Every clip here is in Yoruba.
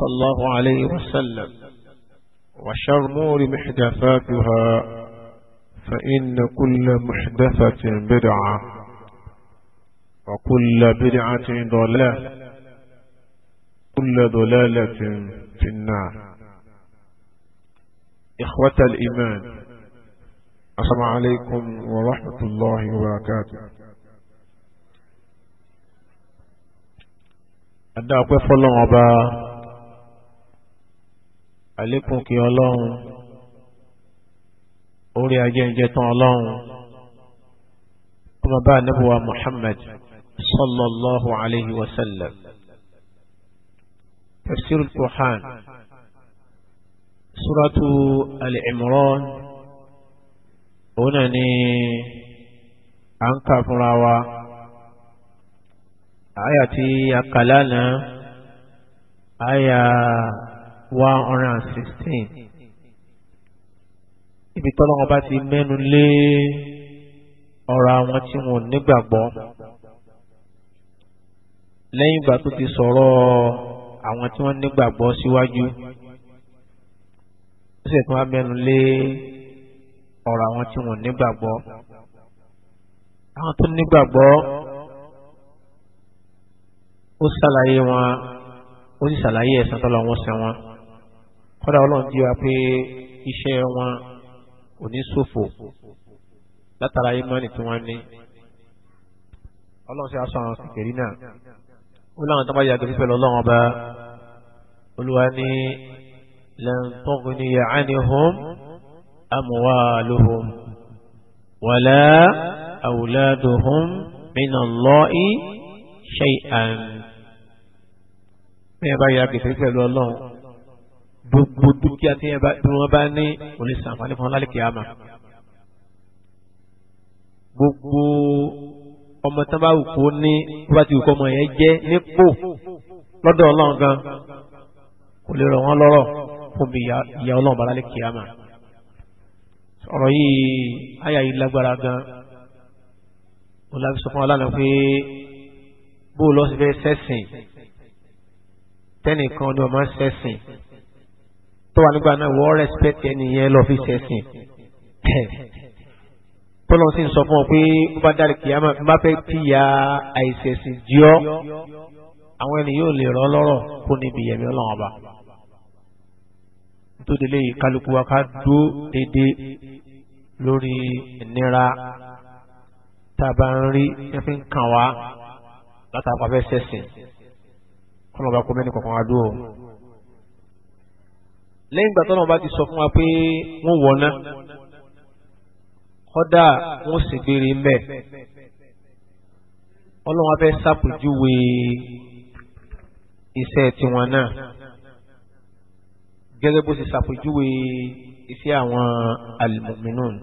صلى الله عليه وسلم وشر مور محدثاتها فإن كل محدثة بدعة وكل بدعة ضلالة كل ضلالة في النار إخوة الإيمان السلام عليكم ورحمة الله وبركاته أدعوك فالله وبركاته àlékún kí ọlọ́run orí ajẹ́njẹ́ tán ọlọ́run ọmọ bá anábùwà Muhammad sallallahu alayhi wa sallam tafsir al-Qur'an suratu al-Imran òun ni à ń kà fúnra one hundred and sixteen ibi tọ́lọ́wọ́n bá ti mẹ́nu lé ọ̀rọ̀ àwọn tí wọn ò nígbàgbọ́ lẹ́yìn ìgbà tó ti sọ̀rọ̀ àwọn tí wọ́n nígbàgbọ́ síwájú ó sì tún wá mẹ́nu lé ọ̀rọ̀ àwọn tí wọn ò nígbàgbọ́ àwọn tó nígbàgbọ́ ó ṣàlàyé wọn ó sì ṣàlàyé ẹ̀san tọ́lọ́wọ́n sẹ́ wọn kọ́dà ọlọ́run jí wa pé iṣẹ́ wọn ò ní ṣòfò látara ìmọ̀ọ́nì tí wọ́n ní ọlọ́run ṣe aṣọ àwọn kékeré náà ó láwọn tó bá yàgò fífẹ́ lọ́lọ́run ọba olúwa ní lan tughniya anhum amwaluhum wala awladuhum minallahi shay'an. bẹ́ẹ̀ bá yàgò fífẹ́ lọ́lọ́run gbogbo dúkìá tí wọ́n bá ní onísànfàní fún lálẹ́kẹ̀ẹ́ àmà gbogbo ọmọ tán bá wù kó ní tó bá ti wù kó ọmọ yẹn jẹ́ nípò lọ́dọ̀ ọlọ́run gan kò lè rọ̀ wọ́n lọ́rọ̀ fún bí ìyá ọlọ́run bá lálẹ́kẹ̀ẹ́ àmà ọ̀rọ̀ yìí àyà yìí lágbára gan ó lábí sọ fún wa lánàá pé bóòlù ọ̀sìn fẹ́ sẹ́sìn tẹ́nìkan ni ọmọ sẹ́sìn tó wà nígbà náà wọ́n respect ẹni yẹn lọ fi ṣẹ̀sìn tọ́lọ́ sì ń sọ fún ọ pé bó bá dárí kìyàmá bá fẹ́ kíyà àìṣẹ̀sìn jíọ́ àwọn ẹni yóò lè rọ́ lọ́rọ̀ kó níbi yẹ̀mí ọlọ́run ọba nítorí lè kálukú wa ká dúró déédéé lórí ìnira tá a bá ń rí ẹ fi ń kàn wá látàkọ́ abẹ́ ṣẹ̀sìn kọ́nà ọba kó mẹ́ni kọ̀ọ̀kan wá dúró lẹ́yìn ìgbà tọ́nà bá ti sọ fún wa pé wọ́n wọ̀ná kọ́dà wọ́n sì gbére ń bẹ̀ ọlọ́run afẹ́ ṣàpèjúwe iṣẹ́ tiwọn náà gẹ́gẹ́ bó ṣe ṣàpèjúwe iṣẹ́ àwọn almu'minun.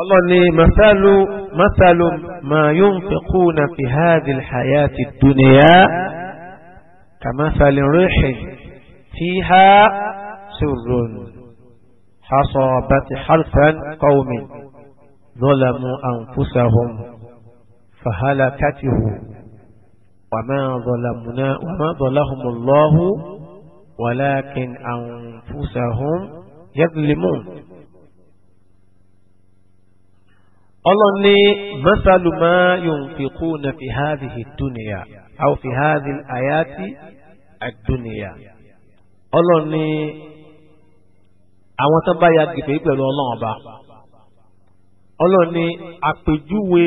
ọlọ́ni masalu masalu ma yunfiquna fi hadhihi alhayati ad-dunya. كمثل ريح فيها سر حصابت حرفا قوم ظلموا أنفسهم فهلكته وما ظلمنا وما ظلهم الله ولكن أنفسهم يظلمون الله لي مثل ما ينفقون في هذه الدنيا أو في هذه الآيات الدنيا Ọlọ́run ní àwọn tó bá ya gègé pẹ̀lú Ọlọ́run ọba Ọlọ́run ní àpèjúwe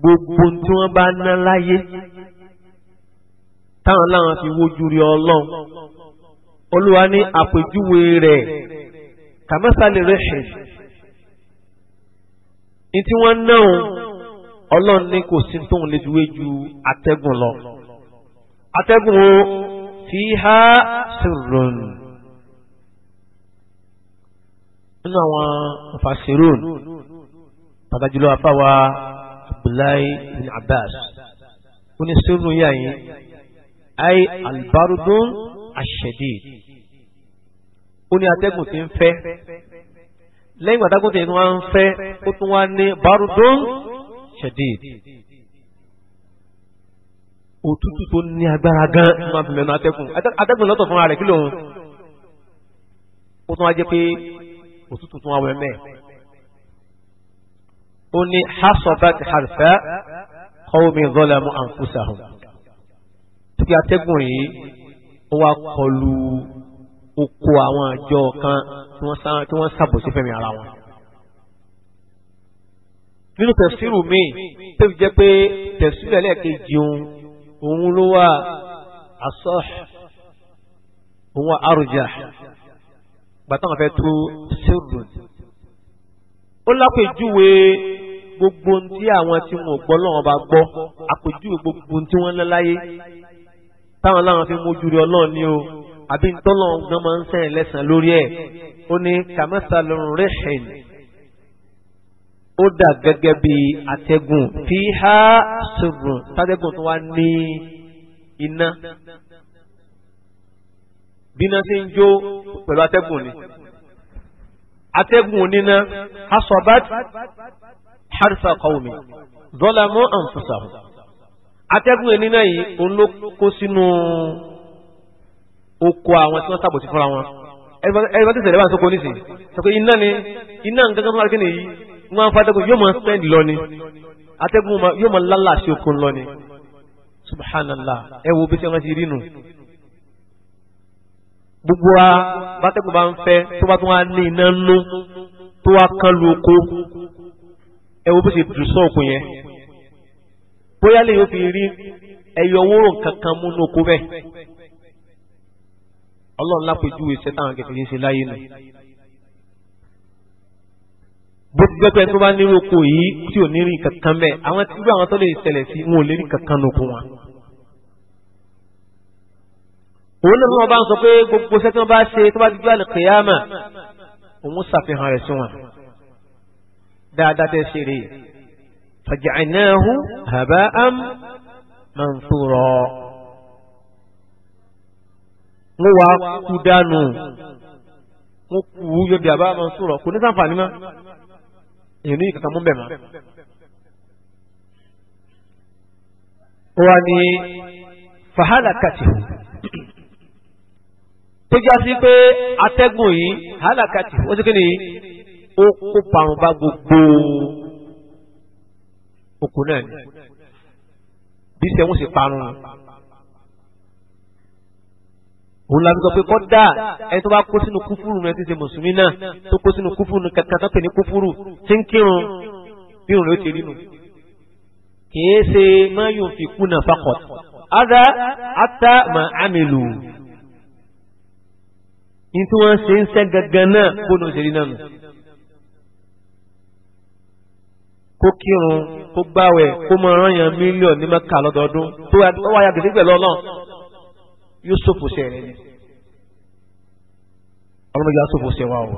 gbogbo tí wọ́n bá ná láyé táwọn láwọn fi wojú rí Ọlọ́run Olúwa ní àpèjúwe rẹ̀ kàmásálì rẹ̀ ṣe ní tí wọ́n náà ọlọ́run ní kò sí tóun lè fi wé ju atẹ́gùn lọ atẹ́gùn o fi há sírùn nínú àwọn mufasirun pàtàkì jùlọ afáwa abdullahi bin abbas ó ní sírùn yà yín ay albarudun ashadid ó ní atẹ́gùn tí ń fẹ́ lẹ́yìn pàtàkùn tí wọ́n ń fẹ́ ó tún wá ní barudun shadid òtútù tó ní agbára gan ní wọn fi mẹ́nu atẹ́kùn atẹ́kùn lọ́tọ̀ fúnra rẹ̀ kí lòun ó tún wá jẹ́ pé òtútù tún wá wẹ́mẹ́ ó ní hasobat harfa qawmi zalamu anfusahum tí atẹ́gùn yìí ó wá kọlu oko àwọn àjọ kan tí wọ́n sábò sí fẹ́mi ara wọn nínú tẹ̀síìrù mi tó fi jẹ́ pé tẹ̀síìrù ẹlẹ́ẹ̀kejì òun òun ló wà asah òun arjah gbàtàn fẹ́ tó sírù ó lápèjúwe gbogbo ohun tí àwọn tí wọn ò gbọ́ lọ́wọ́ bá gbọ́ àpèjúwe gbogbo ohun tí wọ́n ń láyé táwọn láwọn fi mójú rí ọlọ́run ní o àbí ntọ́lọ́run gan máa ń sẹ́yìn lẹ́sàn lórí ẹ̀ ó ní kàmẹ́sà lọ́rùn rẹ̀ ṣẹ̀yìn ó dà gẹ́gẹ́ bí atẹ́gùn fi há ṣùgbọ́n tátẹ́gùn tó wá ní iná bíná sí ń jó pẹ̀lú atẹ́gùn ni atẹ́gùn níná hasobat harfa qawmi zalamu anfusahum atẹ́gùn níná yìí òun ló kó sínú oko àwọn tí wọ́n sábò fúnra wọn ẹ̀rọ tí ṣẹlẹ̀ wà ní nísìnyí sọ pé iná ni iná nǹkan kan tó wà kí nìyí wọ́n á fàtẹ́gùn yóò máa spend lọ ni atẹ́gùn yóò máa lálà sí okun lọ ni subhanallah ẹ wo bí tí wọ́n ti rí nù. gbogbo wa bátẹ́gùn bá ń fẹ́ tó bá tún wá ní iná nú tó wá kán lu oko ẹ wo bó ṣe dùn sọ òkun yẹn bóyá lè yóò fi rí ẹyọ wóró kankan mú oko bẹ́ẹ̀ ọlọ́run lápẹjúwe iṣẹ́ táwọn kẹfì ń ṣe láyé nù bó ti jẹ́ pé tó bá nírú oko yìí tí ò ní rí kankan bẹ́ẹ̀ àwọn tí irú àwọn tó lè ṣẹlẹ̀ sí wọn ò lè rí kankan lóko wọn. òun náà wọn bá ń sọ pé gbogbo iṣẹ́ tí wọ́n bá ṣe tó bá ti jẹ́ àlùkìyàmà òun ṣàfihàn rẹ̀ sí wọn. dáadáa tẹ́ ṣe rèé fàjàìnáhu haba'an manthura. wọ́n wá kú dànù wọ́n kú yóò di àbá manthura kò ní ṣàǹfààní náà èyàn ní kankan mú bẹ̀ mọ́. ó wá ní fàhálà kàtì hù tó já sí pé atẹ́gùn yìí hálà kàtì hù ó sì kéde ó kó parun bá gbogbo òkú náà ni bí sẹ́wọ́n sì parun òun la fi sọ pé kọ́dà ẹni tó bá kó sínú kúfúrú rẹ ti ṣe mùsùlùmí náà tó kó sínú kúfúrú kankan tó pè ní kúfúrú tí ń kírun bí òun ló ti rí nu. kìí ṣe mayun fi kú náà fakọt ada ata ma amelu ní tí wọ́n ṣe ń ṣe gangan náà kó ní òṣèré náà nù. kó kírun kó gbáwẹ̀ kó mọ ọ̀ràn yẹn mílíọ̀nù ní mẹ́ka lọ́dọọdún tó wáyà gbèsè pẹ̀lú ọlọ́run yóò sòfò sẹ rẹ ni ọlọ́mọ yóò sòfò sẹ wa o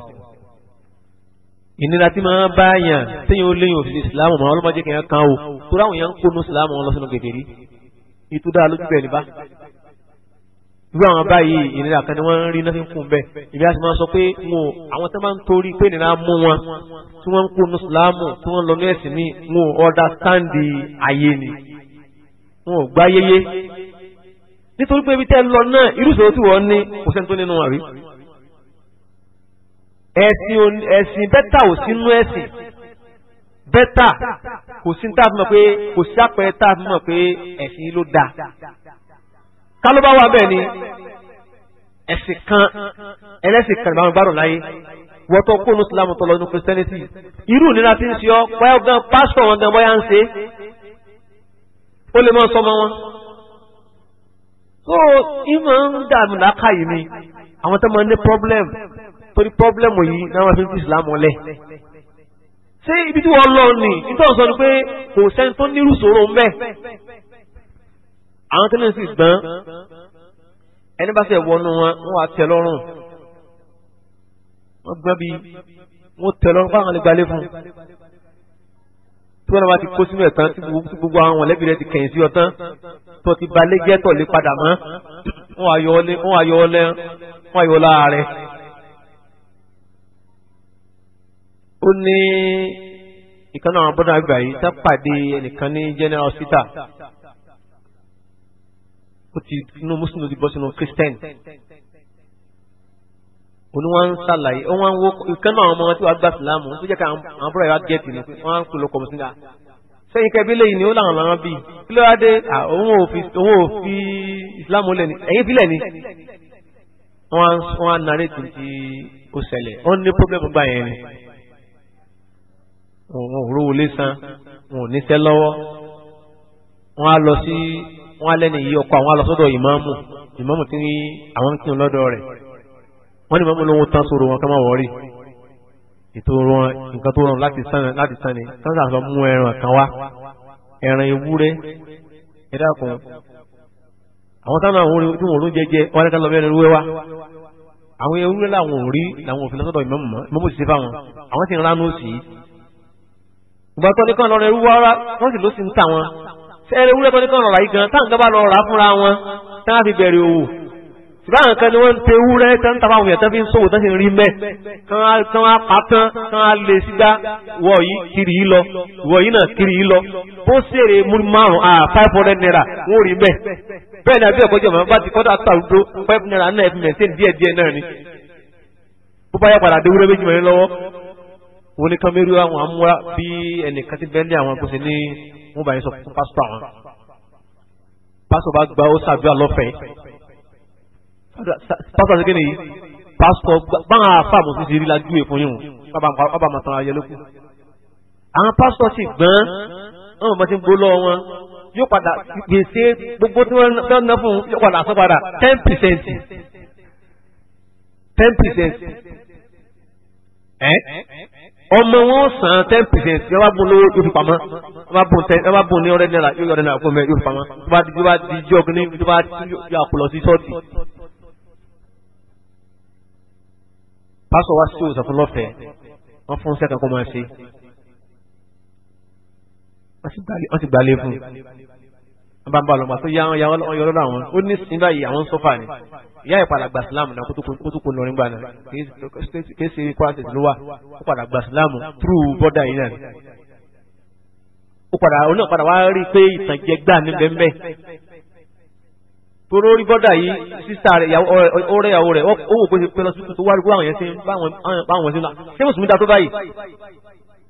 ìnira tí máa bá yàn téèyàn ó léyìn òfin ìsìlámù mọ ọlọ́mọdé kẹyàn kan o torí àwọn èèyàn ń kónú ìsìlámù wọn lọ sínú kékeré ètò dára lójú bẹ́ẹ̀ ní bá irú àwọn báyìí ìnira kan ni wọ́n ń rí náà fi ń kún bẹ́ẹ̀ ìbí a ti máa sọ pé wọn àwọn tó máa ń torí pé ìnira mú wọn tí wọ́n ń kó nùsùlámù tí wọ́n lọ ní ẹ̀sìn ní wọn ọ̀dà sáǹdì ayé ni wọn ò gbá yéyé nítorí pé ibi tẹ́ lọ náà irúṣòro tí wọ́n ní kò sẹ́ni tó nínú wọn rí ẹ̀sìn bẹ́tà ò sínú ẹ̀sìn bẹ́tà kò sí tá a fi mọ̀ pé kò sí àpẹẹrẹ tá a fi mọ̀ pé ẹ̀sìn ló dáa kálọ́bá wà bẹ́ẹ̀ ni ẹ̀sìn kan ẹlẹ́sìn kan ìbámu bá rò láyé wọ́tọ̀ kó ní sùlámù tọ́lọ́ nínú christianity irú ìnira tí ń ṣe ọ́ bóyá gan pásítọ̀ wọn gan bóyá ń ṣe ó lè mọ́ sọmọ wọn so ìmọ̀ ń dààmú lákàyè mi àwọn tó máa ń ní problem torí problem yìí náà wọ́n fi ń fi Islam ọlẹ́ ṣé ibi tí wọ́n lọ ni nítorí sọ ni pé kò sẹ́ni tó nírú sòrò ń bẹ àwọn tó ní sì gbọ́n ẹni bá sì wọnú wọn wọ́n wá tẹ́ lọ́rùn wọ́n gbọ́n bí wọ́n tẹ́ lọ́rùn báwọn fún un tí wọ́n bá ti kó sínú ẹ̀ tán tí gbogbo àwọn mọ̀lẹ́bí rẹ̀ ti kẹ̀yìn sí ọ tán tó ti balẹ̀ jẹ́ tọ̀ lé padà mọ́ wọ́n ayọ̀ ọlá rẹ̀. ó ní ìkan náà àwọn bọ́dà àgbà yìí tá pàdé ẹnìkan ní general hospital ó ti inú mùsùlùmí ti bọ́ sínú christian oníwọ̀n ń o ó wọ́n ń wo ìkan náà ọmọ tí wàá gba ìsìlámù tó jẹ́ ká àwọn búrọ̀ yà wá gẹ̀ẹ́tì ni wọ́n á ń kúlò kọ̀ọ̀mù síga sẹ́yìn kẹ́bí lẹ́yìn ni ó làwọn lọ́rọ́ bíi kí ló wá dé òun ò fi ìsìlámù lẹ̀ ni ẹ̀yìn fi lẹ̀ ni wọ́n á nàrẹ́ tì tí ó ṣẹlẹ̀ ó ní pọ́blẹ́mù gbà yẹn ni wọn ò rówó lé san wọn ò níṣẹ́ lọ́wọ́ wọn á lọ sí wọn á lẹ́nu yìí ọkọ̀ àwọn á lọ sọ́dọ̀ ìmáàmù ìmáàmù tí àwọn ń kírun lọ́dọ̀ rẹ̀ wọ́n ní mọ́mú lóhun tán sóró wọn ká má wọ́ọ́rì ètò wọn nǹkan tó rọrùn láti sàn láti sàn ni káńtà lọ mú ẹran kan wá ẹran ewúrẹ́ ẹ dákun àwọn táwọn àwọn orin tí wọn ò lóúnjẹ jẹ wọn lẹ́ka lọ bẹ́ẹ̀ lówẹ́ wá àwọn ewúrẹ́ làwọn ò rí làwọn òfin lọ́sọ̀dọ̀ ìmọ̀mù mọ́ ìmọ̀mù sì fáwọn àwọn sì ń ránú sí i ìgbà tó ní kàn lọ́rọ̀ ẹrú wá wọ́n sì ló sì ń tà wọn ṣẹ́ẹ́rẹ́ ewúrẹ́ tó ní kàn lọ́ra yìí gan táwọn gábà lọ rà fúnra wọn táwọn fi bẹ̀rẹ̀ òwò ṣùgbọ́n àwọn kan ni wọ́n ń pe ewúrẹ́ tán tàbá àwọn èèyàn tán fi ń sòwò tán rí mẹ́ tán á pa tán tán á lè sígbá wọ̀ yìí kiri yìí lọ wọ̀ yìí náà kiri yìí lọ bó ṣèrè múlù márùn-ún à five hundred naira wọ́n rí mẹ́ bẹ́ẹ̀ ni àbí ẹ̀kọ́jọ́ màmá bá ti kọ́dà tàrúdó five naira náà ẹ̀fún mẹ́sẹ̀n díẹ̀ díẹ̀ náà ni bó bá yá padà dé wúrẹ́ méjì mẹ́rin lọ́wọ́ wọn ni kán mẹ́rin àwọn amúra bí ẹnìkan ti bẹ́ẹ̀ ní àwọn Pastor ṣe kéde yìí pásítọ̀ báwọn afáàmù ti ṣeré lajú èèfún yìí bàbá máa tan ayẹlẹ kù. àwọn pásítọ̀ sì gbọ́n wọn bá ti ń gbólọ́ wọn yóò padà gbèsè gbogbo tí wọ́n ná fún yóò padà sọ padà ten percent ten percent ọmọ wọn san ten percent yọba bùn lówó yóò fi pamọ́ yọba bùn ten yọba bùn ní ọ̀rẹ́ náírà yóò yọrẹ náírà fún mi yóò fi pamọ́ yóò bá di jọ kí ni yóò bá yà kó sí ṣọ́ọ̀tì pásọ wá sí òòsàn fún lọ́fẹ̀ẹ́ wọ́n fún sẹ́kàn kó máa ṣe wọ́n ti gbalẹ̀ fún un bá ń bá lọ́mọ tó yá wọn yọ lọ́dọ̀ àwọn ó ní sin báyìí àwọn sọ́fà ni ìyá ẹ̀ gba sílámù náà kó tó kó lọrin gbà náà kì ṣe kwara ló wà ó padà gba sílámù túrú bọ́dà yìí náà ó padà wá rí i pé ìtànjẹ gbà níbẹ̀ ń bẹ́ẹ̀ toro rí bọ́dà yìí sísá rẹ̀ ọ̀rẹ́ ìyàwó rẹ̀ ó wò pé pé lọ síbi tó wá rúgbó àwọn yẹn ṣe báwọn ṣe ń lọ ṣé mùsùlùmí da tó báyìí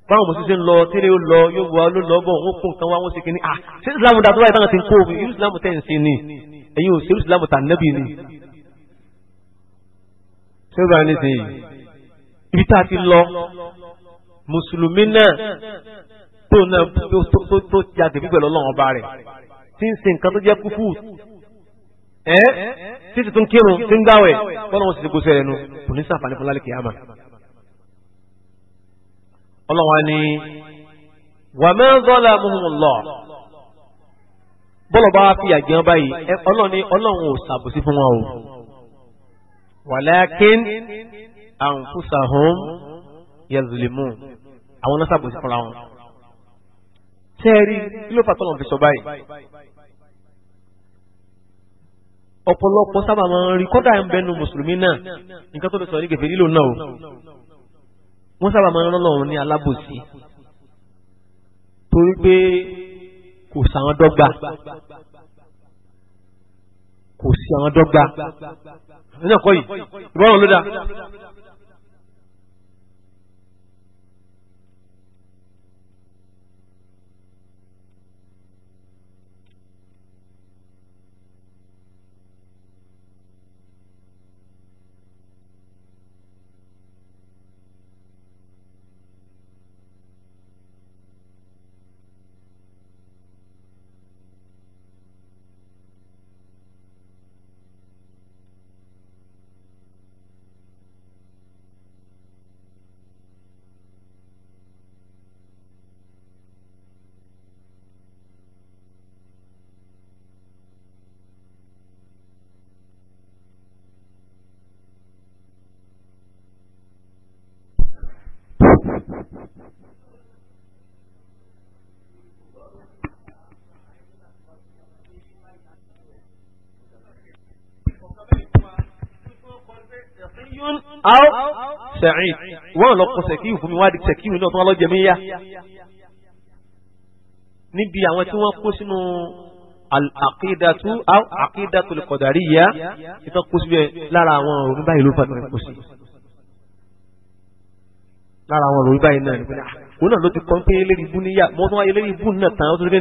báwọn mùsùlùmí ṣe ń lọ tẹ́lẹ̀ ó lọ yóò wá ló lọ bọ̀ wọ́n kó nǹkan wá wọ́n ṣe kínní à ah, ṣé islam da tó báyìí táwọn ti o irú islam tẹ̀ ń ṣe ni ẹ̀yin ò ṣe irú islam tà nẹ́bì ni. ṣé báyìí ní sìn yìí ibi tá a ti lọ mùsùlùmí náà tó náà tó jáde gbígbẹ̀ lọ́lọ́run rẹ̀ tí ń ṣe nǹkan tó jẹ́ kúfù ẹ́ títí tó ń kírun tí ń gbáwẹ̀ bọ́lá wọn sì ti kó sẹ́rẹ̀ nu kò ní sàǹfààní fún lálẹ́ kìyàmà. ọlọ́wà ni wà mẹ́ńdọ́là mọ́mọ́lọ́ bọ́lọ̀ bá fi àjẹun báyìí ọlọ́ni ọlọ́run ò ṣàbòsí fún wọn o. wàlákin àǹfùsàhùn yazlimun àwọn náà ṣàbòsí fúnra wọn. sẹ́ẹ̀rí kí ló fà tọ́lọ̀ fi sọ báyìí ọ̀pọ̀lọpọ̀ sábà máa ń rí kọ́dà ń bẹnu mùsùlùmí náà nǹkan tó lè sọ ní gèfè nílò náà o wọ́n sábà máa ń rán lọ́rùn ní alábòsí torí pé kò sàwọn dọ́gba kò sí àwọn dọ́gba nínú ọkọ yìí ìbọn ló dáa Sa'id wọ́n lọ kọ sẹ̀kíù fún mi wá di sẹ̀kíù náà tó wọ́n lọ jẹ mí yá níbi àwọn tí wọ́n kó sínú àkídàtú àkídàtú al-qadariyya ìtàn kó síbẹ̀ lára àwọn òrùn báyìí ló fàtàkì kó sí lára àwọn òrùn báyìí náà nígbà ah, òun náà ló ti kọ́ pé eléyìí bú níyà mọ́ tó wá eléyìí bú náà tán ó tó dé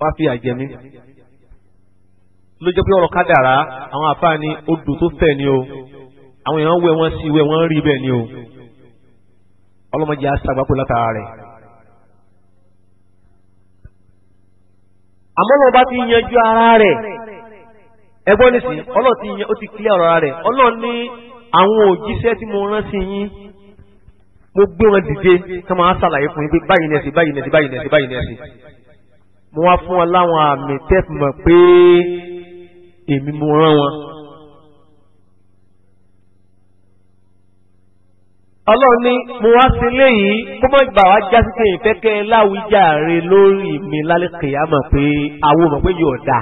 wá fi àjẹmí ló jẹ́ pé ọ̀rọ̀ kádàrá àwọn àfáà ni odò tó fẹ̀ ni o àwọn èèyàn wẹ̀ wọ́n sí wẹ̀ wọ́n rí bẹ́ẹ̀ ni o ọlọ́mọdé aṣàgbákò látara rẹ̀. àmọ́ lọ́ba ti yanjú ara rẹ̀ ẹgbọ́n nísìn ọlọ́ọ̀ ti yan ó ti kílẹ̀ ọ̀rọ̀ ara rẹ̀ ọlọ́ọ̀ ní àwọn òjíṣẹ́ tí mo rán sí yín mo gbé wọn dìde kí wọ́n á ṣàlàyé fún yín pé báyìí nẹ̀sì báyìí nẹ̀sì báyìí nẹ̀sì báyìí nẹ̀sì mo wá fún wọn láwọn àmì tẹ́fù mọ̀ pé èmi mo rán wọn. ọlọ́run ní mo wá sí léyìí kó mọ̀ gbà wá já sí pé ìfẹ́kẹ́ láwùjáre lórí mi lálẹ́ kìyàmọ̀ pé àwọn ọmọ pé yóò da.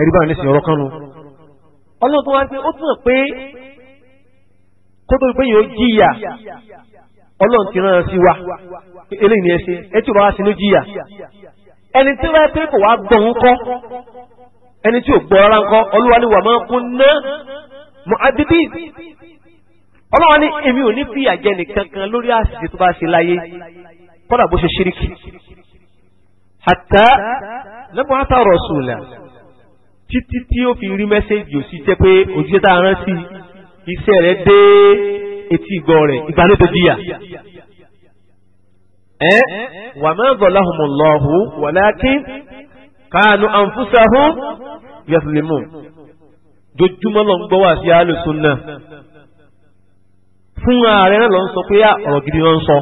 ẹ̀rí báyìí ní sìnyọ̀rọ̀ kan nu. ọlọ́run tó wá sí ó tún hàn pé kó tó pé yóò jìyà ọlọ́run ti rán sí wa eléyìí ni ẹ ṣe ẹ tí ò bá wá sínú jìyà. ẹni tí wọ́n pé kò wá gbọ́ ń kọ́ ẹni tí ò gbọ́ rárá ń kọ́ olúwa ni wà máa kún ná mọ́ ọlọ́run ní èmi ò ní fìyà jẹ nìkan kan lórí àṣìṣe tó bá ṣe láyé kọ́dà bó ṣe ṣíríkì àtà lẹ́bùn àtàrọ̀ sùlà títí tí ó fi rí mẹ́sẹ́jì òsì jẹ́ pé òjíṣẹ́ tá a rán sí iṣẹ́ rẹ̀ dé etí ìgbọ́ rẹ̀ ìgbàlódé díyà wà máa ń zọlá hùmù lọ́hù wàláàkì káànù àǹfùsàhù yẹsùlùmù dojúmọ́ lọ ń gbọ́ wá sí àlùsùn náà fún ààrẹ náà lọ ń sọ pé ah, ọ̀rọ̀ gidi ló ń sọ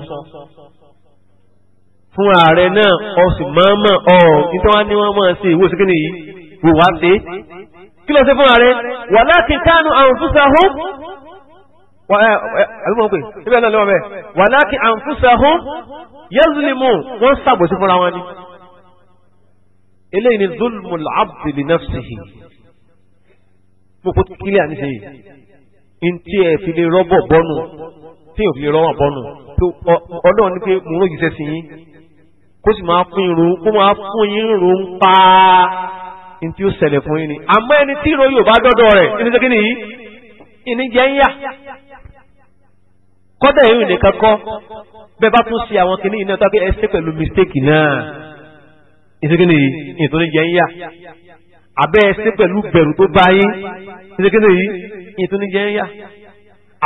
fún ààrẹ náà ọ sì máa mọ̀ ọ nítorí wọn ni wọn máa ṣe ìwé òsìkí nìyí wò wá sí kí ló ṣe fún ààrẹ wà láti kánú àǹfùsàhùn àbúmọ̀ pé níbẹ̀ náà lọ́wọ́ bẹ́ẹ̀ wà láti àǹfùsàhùn yẹ́zùlímù wọ́n ṣàbòsí fúnra wọn ni eléyìí ni zulmul abdi li nafsihi mo kò kílẹ̀ àníṣe ntí ẹ fi lè rọ́bọ̀ bọ́nu tí ò fi lè rọ́bọ̀ bọ́nu tó ọdún ní pé mò ń ròyìn sẹ́sìn yín kó sì máa fún irun kó máa fún yín irun pa ntí ó ṣẹlẹ̀ fún yín ni àmọ́ ẹni tí ìròyìn ò bá dọ́dọ̀ rẹ̀ ẹni tó kíni yìí ìní jẹ́ ń yà kọ́dà ìrìn nìkan kọ́ bẹ́ẹ̀ bá tún ṣe àwọn kìnìún náà tàbí ẹ ṣe pẹ̀lú mistake náà ẹni tó kíni yìí ìtòlẹ́jẹ́ ń yà abẹ́ ẹsẹ̀ pẹ̀lú bẹ̀rù tó bá yín kékeré yìí yìí tó ní jẹ́ ń yá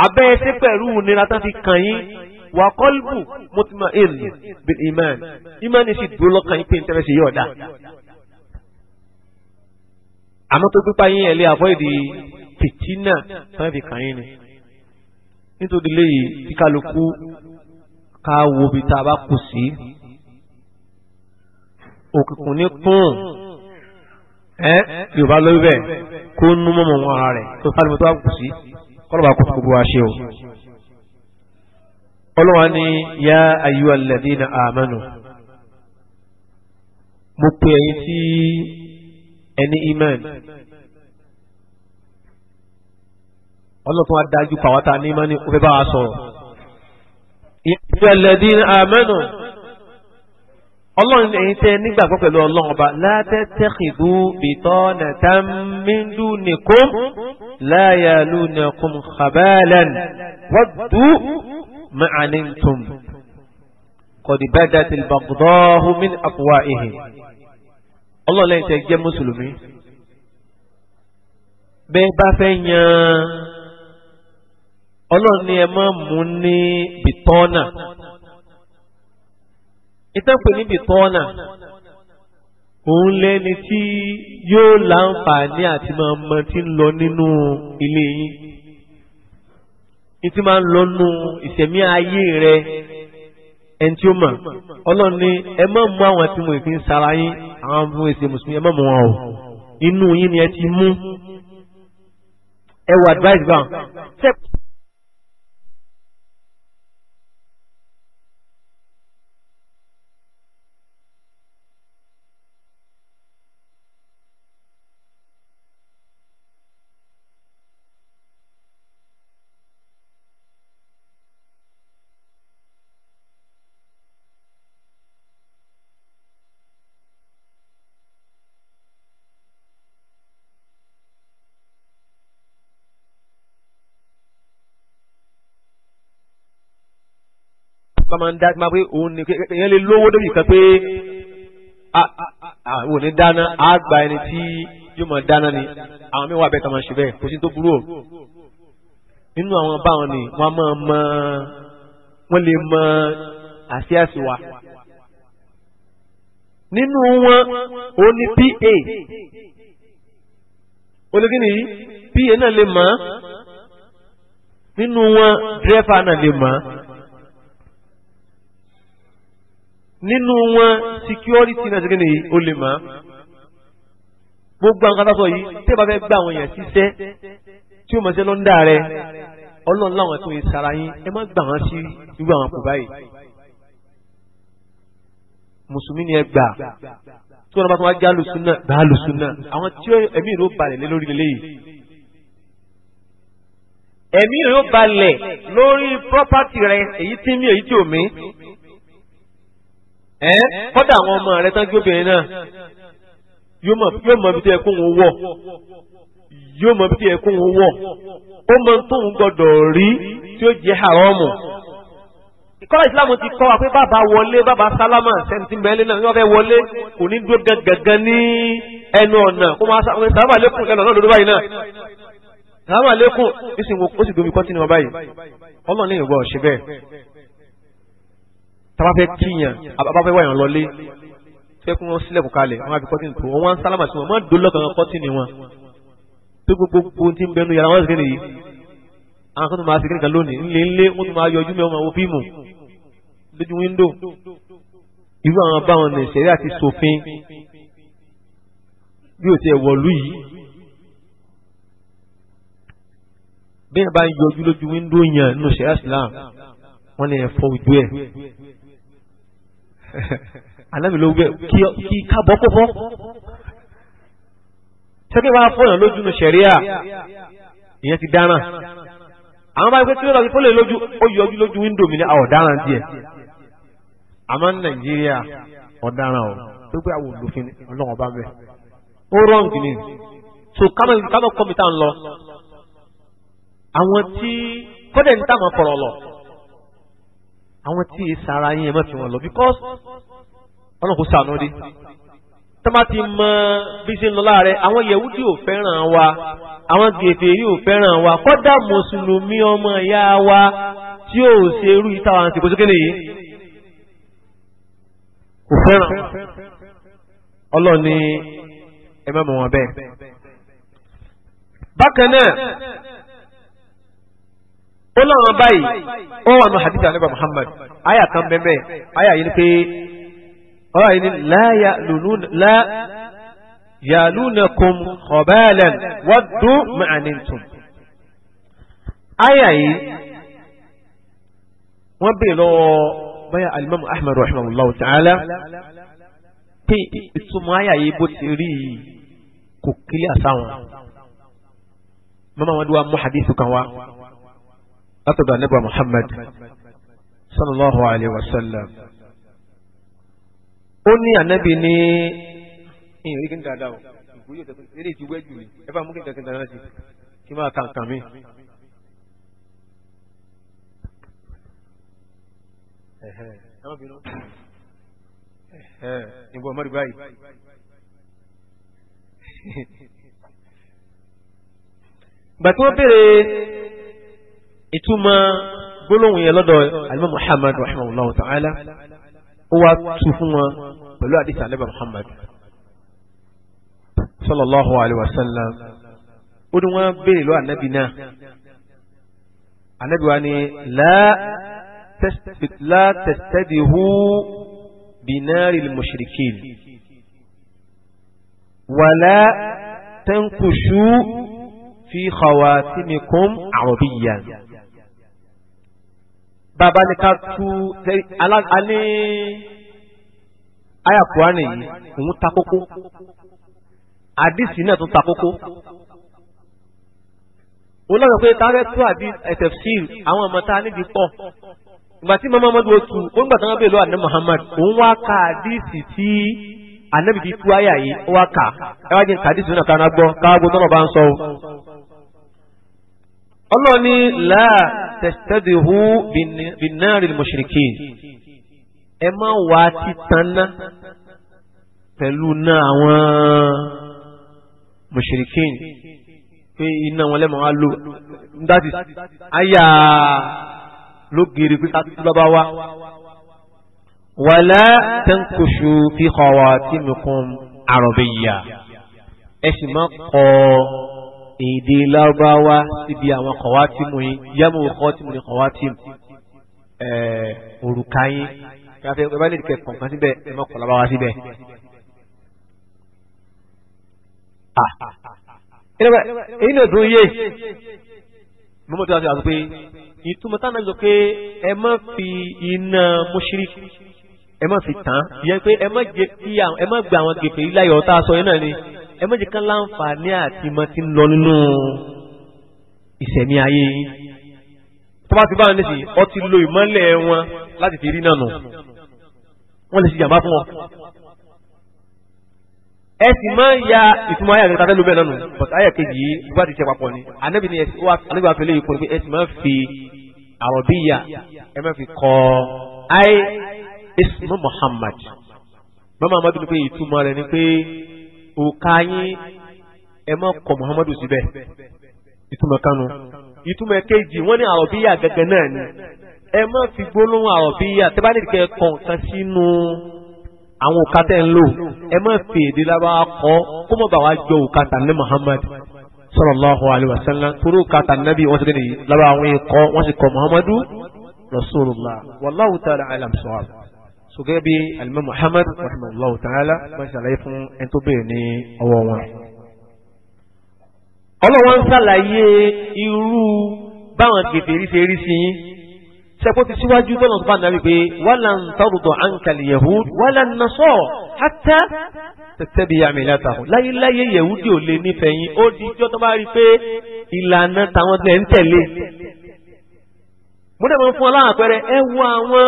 abẹ́ ẹsẹ̀ pẹ̀lú ìnira tó fi kàn yín wà kọ́lbù mọ́tìmá èlì bil iman iman sì dúró lọ́kàn yín pé nítorí ṣe yọ̀ọ̀dá àmọ́ tó pípa yín ẹ̀lẹ́ àfọ́ìdì fìtínà tó fi kàn yín ni nítorí léyìí tí kálukú ká wo bí tá a bá kù sí òkùnkùn ní kún ẹ yorùbá lórí bẹ́ẹ̀ kó nú mọ́mọ́ wọn ara rẹ̀ tó sáré mọ́tò àkùkù sí kọ́lọ́bà kó gbogbo wa ṣe o. ọlọ́wà ni ya ayyuha alladhina amanu mo pe ẹ̀yin tí ẹni iman ọlọ́tún adájú pàwọ́ta ní iman ní ó bá wa sọ̀rọ̀ ya ayyuha alladhina amanu ọlọ́run ẹ̀yin tẹ nígbàgbọ́ pẹ̀lú ọlọ́run ọba látẹ́tẹ́kìdú bìtọ́nà tàmídú nìkún láyàlú nìkún kàbálẹ́n wọ́dú mẹ́àníntùm kọ̀dìbẹ́dà tí bàbùdọ́hù mí àfúwà ìhìn ọlọ́run ẹ̀yin tẹ jẹ́ mùsùlùmí bẹ́ẹ̀ bá fẹ́ yan ọlọ́run ni ẹ máa mú ní bìtọ́nà ìtànpè níbi tọ́ọ̀nà òun lẹ́ni tí yóò láǹfààní àti máa mọ tí ń lọ nínú ilé yín ní tí máa ń lọ nú ìṣẹ̀mí ayé rẹ ẹni tí ó mọ̀ ọlọ́run ní ẹ má mú àwọn tí mo fi ń sara yín àwọn ọmọ èsì mùsùlùmí ẹ má mú wọn o inú yín ni ẹ ti mú ẹ wọ advice bá kan máa ń dá máa pé òun ni èèyàn lè lówó débi kan pé àwọn ní dáná á ẹni tí yóò máa dáná ni àwọn mẹ́wàá bẹ́ẹ̀ kan máa ṣe bẹ́ẹ̀ kò sí tó burú o nínú àwọn báwọn ni wọ́n máa mọ wọ́n lè mọ àṣíàṣì wa nínú wọn òun ni pa olùkíni pa náà lè mọ̀ nínú wọn dírẹ́fà náà lè mọ̀ nínú wọn security náà ṣẹ́gi ni o lè mọ̀ gbogbo àwọn kátà sọ yìí tí ìbá fẹ́ gba àwọn èèyàn ṣiṣẹ́ tí o mọ̀ ṣe lọ́ńdà rẹ ọlọ́run láwọn ẹ̀tọ́ yìí sara yín ẹ má gbà wọ́n sí irú àwọn àpò báyìí mùsùlùmí ni ẹ gbà tí wọn bá tún wá já lùsùn náà gbà lùsùn náà àwọn tí ẹ̀mí ìlú balẹ̀ lé lórí lélẹ́yìí ẹ̀mí ìlú balẹ̀ lórí property rẹ èyí tí mi èyí tí ò mí ẹ́ kọ́dà àwọn ọmọ rẹ tán gbé obìnrin náà yóò mọ ibi tó yẹ kó wọn wọ̀ yóò mọ ibi tó yẹ kó wọn wọ̀ ó mọ tóun gbọdọ̀ rí tí ó jẹ́ haramu ìkọ́ ìsìlámù ti kọ́ wa pé bàbá wọlé bàbá sálámà sẹ́ńtì mẹ́lẹ́ náà wọ́n fẹ́ wọlé kò ní dúró gangan ní ẹnu ọ̀nà kó máa sáwọn sálámà lẹ́kùn ẹnu ọ̀nà lórí báyìí náà sálámà lẹ́kùn ó sì domi kọ́ńtínú wọn báyìí ọlọ́run ní ìwọ tábà fẹ́ kíyàn àbá fẹ́ wáyàn lọlé fẹ́ kí wọ́n sílẹ̀kùn kalẹ̀ wọ́n á fi kọ́tìnì tó wọ́n wá ń sálámà sí wọn wọ́n á dolọ́ kankan kọ́tìnì wọn tó gbogbo ohun tí ń bẹnu yàrá wọn sì kéde yìí àwọn kan tó máa sì kéde kan lónìí ńlé ńlé wọ́n tó máa yọjú mẹ́wọ́n máa wo fíìmù lójú wíńdò irú àwọn báwọn ní ìṣẹ̀rí àti ṣòfin bí ò tiẹ̀ wọ̀lú yìí bí wọ́n bá ń yọjú lójú wíńdò yàn nínú ìṣẹ̀rí àsìlám wọ́n ní ẹ̀fọ́ ojú ẹ̀ anábì ló wẹ kí kábọ́ kó bọ́ sẹ́kẹ̀ wá lójú sẹ̀ríà ìyẹn ti dáná àwọn bá yẹ pé kí ló lọ sí lójú ó yọjú lójú wíńdò mi ní díẹ̀ àmọ́ nàìjíríà ọ̀daràn tó gbé àwọn ọlọ́wọ́n bá bẹ̀ lọ àwọn tí kọ́dẹ̀ lọ. àwọn tí ì sara yín ẹ má fi wọn lọ because ọlọ́run kò sànú dé tọ́mà ti mọ bí ṣe ń lọ láàrẹ àwọn yẹ̀wúdí ò fẹ́ràn wa àwọn gèfèrí ò fẹ́ràn wa kọ́dà mùsùlùmí ọmọ ìyá wa tí ò ṣe irú yìí táwọn àti ìkósókè nìyí kò fẹ́ràn ọlọ́run ní ẹ má mọ̀ wọn bẹ́ẹ̀. bákan náà ó lọ́rùn báyìí ó wà nù hadith alẹ́ muhammad aya kan bẹ́ẹ̀ aya yìí ni pé ọ̀rọ̀ yìí ni la yalunakum khabalan waddu ma'anantum. aya yìí wọ́n bèè lọ́wọ́ báyà alimami ahmed rahimahullah ta'ala pé ìtumọ̀ aya yìí bó ti rí kò kílíà sáwọn mọ́mọ́ wọn dúwà mú hadith kan wá látọ̀dọ̀ anábà Muhammad sallallahu alayhi wa sallam ó ní anábì ní ìyẹn orí kí n dáadáa o ìgbóyè tẹ̀sán eré ìjú wẹ́jù ni ẹ bá mú kí n kankan dáná sí kí n máa ka nǹkan mi. ìbọn mọ́rí báyìí gbàtí wọ́n béèrè ìtumọ̀ gbólóhùn yẹn lọ́dọ̀ alimọ́ muhammad rahimahullah ta'ala ó wá tu fún wọn pẹ̀lú àdìsí alẹ́ muhammad sallallahu alayhi wa sallam ó ní wọ́n béèrè lọ́wọ́ anabi náà anabi wa ni la tastadihu binari al-mushrikin wala tankushu fi khawatimikum arabiyan bàbá ní ká tú alẹ́ ayakuran yìí òun ta kókó àdìsí náà tún ta kókó olóòrùn pé táwọn fẹ́ tú àbí àwọn ọmọ tá a níbi pọ̀ ìgbà tí mọ́mọ́ mọ́dún ó tu ó ń gbà tí wọ́n bèèrè lọ́wọ́ àná Muhammad òun wá ka àdìsí tí ànábì fi tú àyà yìí ó wá kà ẹ wá jẹ́ ní kàdìsí náà ká ná gbọ́ káwá bá ń sọ o ọlọ́ọ̀ni láà tẹ̀sítẹ́dìhù bìnnáàrì mọ̀ṣìrìkì ẹ má wá títaná pẹ̀lú náà àwọn mọ̀ṣìrìkì pé iná wọn lẹ́mọ̀ wá lò dáàtì àyà lógiri pé káàtì bá bá wá. wàlá tẹ́ńkùṣù fi kọ̀wá tí mi kún àròbẹ̀yà ẹ sì má kọ́ ọ èdè lárúbáwá síbi àwọn kọ̀wátìmù yín yẹ́mú kọ́tìmù ní kọ̀wátìmù òrùka yín káfíń ẹ bá lè kẹ kọ̀ọ̀kan síbẹ̀ ẹ mọ̀ kọ̀ lábáwá síbẹ̀. èyí ni òdùn yé mọ́mọ́ tí wọ́n ti wà pé ìtumọ̀ táwọn náà sọ pé ẹ má fi iná mọ́ṣíríkì ẹ má fi tán ìyẹn pé ẹ má gbé àwọn gèfè yìí láyọ̀ tá a sọ yẹn náà ni ẹ méjì kan láǹfààní àti mọ ti ń lọ nínú ìṣẹ̀mí ayé yín tó bá ti bá wọn nísìnyí ọ ti lo ìmọ́lẹ̀ wọn láti fi rí náà nù wọ́n lè ṣe jàmbá fún ọ. ẹ sì máa ń ya ìtumọ̀ ayé àgbẹ̀ta fẹ́ẹ́ ló bẹ́ẹ̀ náà nù bọ̀t ayé kejì yìí bá ti ṣe papọ̀ ni ànábì ni ànábì àfẹ́lẹ́ yìí kò ní pé ẹ sì máa ń fi àròbíyà ẹ máa fi kọ́ ayé ismu Muhammad mama amadu ni pé ìtumọ̀ rẹ̀ ni pé òǹkà yín ẹ mọ́ kọ muhammadu síbẹ̀ ìtumọ̀ kanu ìtumọ̀ kejì wọ́n ní àrọ̀bíyà gẹ́gẹ́ náà ni ẹ mọ́ fi gbólóhùn àrọ̀bíyà tẹ́ bá nìkẹ́ kọ̀ọ̀kan sínú àwọn òǹkà tẹ́ ń lò ẹ mọ́ fi èdè lábáwá kọ́ kó mọ̀ bá wa jọ òǹkà tà ní muhammad sallallahu alayhi wa sallam turu òǹkà tà nábì wọ́n ti kẹ́ nìyí lábáwá wọn kọ́ wọ́n sì kọ́ muhammadu rasulullah wallahu ta'ala alam sọ́wọ́ so gẹ́gẹ́ bí alimami muhammad rahimahullah ta'ala wọ́n ṣàlàyé fún ẹni tó béèrè ní ọwọ́ wọn. ọlọ́wọ́ ń ṣàlàyé irú báwọn gèdèrí ṣe rí sí yín sẹ́kọ́ ti síwájú tọ́nà tó bá nàbí pé wàlà ń tọ́rùtọ̀ àǹkàlì yahud wàlà ń nasọ́ hátà tẹ̀tẹ̀bi àmì látàkùn láyéláyé yahudi ò lè nífẹ̀ẹ́ yín ó di ijọ́ tó bá rí pé ìlànà táwọn tẹ̀ ń tẹ̀lé. mo dẹ̀ mọ̀ fún ọ láwọn ẹ wo àwọn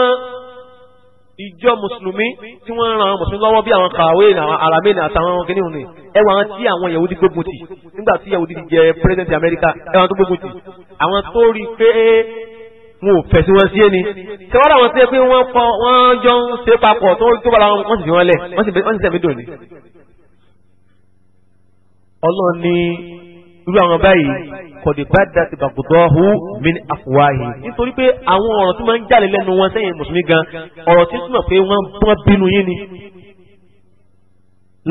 ìjọ mùsùlùmí tí wọ́n ń ran mùsùlùmí lọ́wọ́ bí àwọn kàwé àwọn aramẹ́ni àtàwọn kìnìún òní ẹwà àwọn tí àwọn yahudi gbógun tì nígbà tí yahudi jẹ president America ẹwà tó gbógun tì àwọn tó rí i pé wọn ò fẹ̀sí wọn sí ẹni tẹwọ́n àwọn tí pé wọ́n kọ wọ́n jọ ń ṣe papọ̀ tó tó bára wọn sì fi wọn lẹ̀ wọ́n sì sẹ̀mí dòní. ọlọ́ni irú àwọn báyìí kọ̀dé bá da ti bàgùdọ̀ hu min afuwahi. nítorí pé àwọn ọ̀rọ̀ tí máa ń jáde lẹ́nu wọn sẹ́yìn mùsùlùmí gan ọ̀rọ̀ tí túmọ̀ pé wọ́n bọ́n bínú yín ni.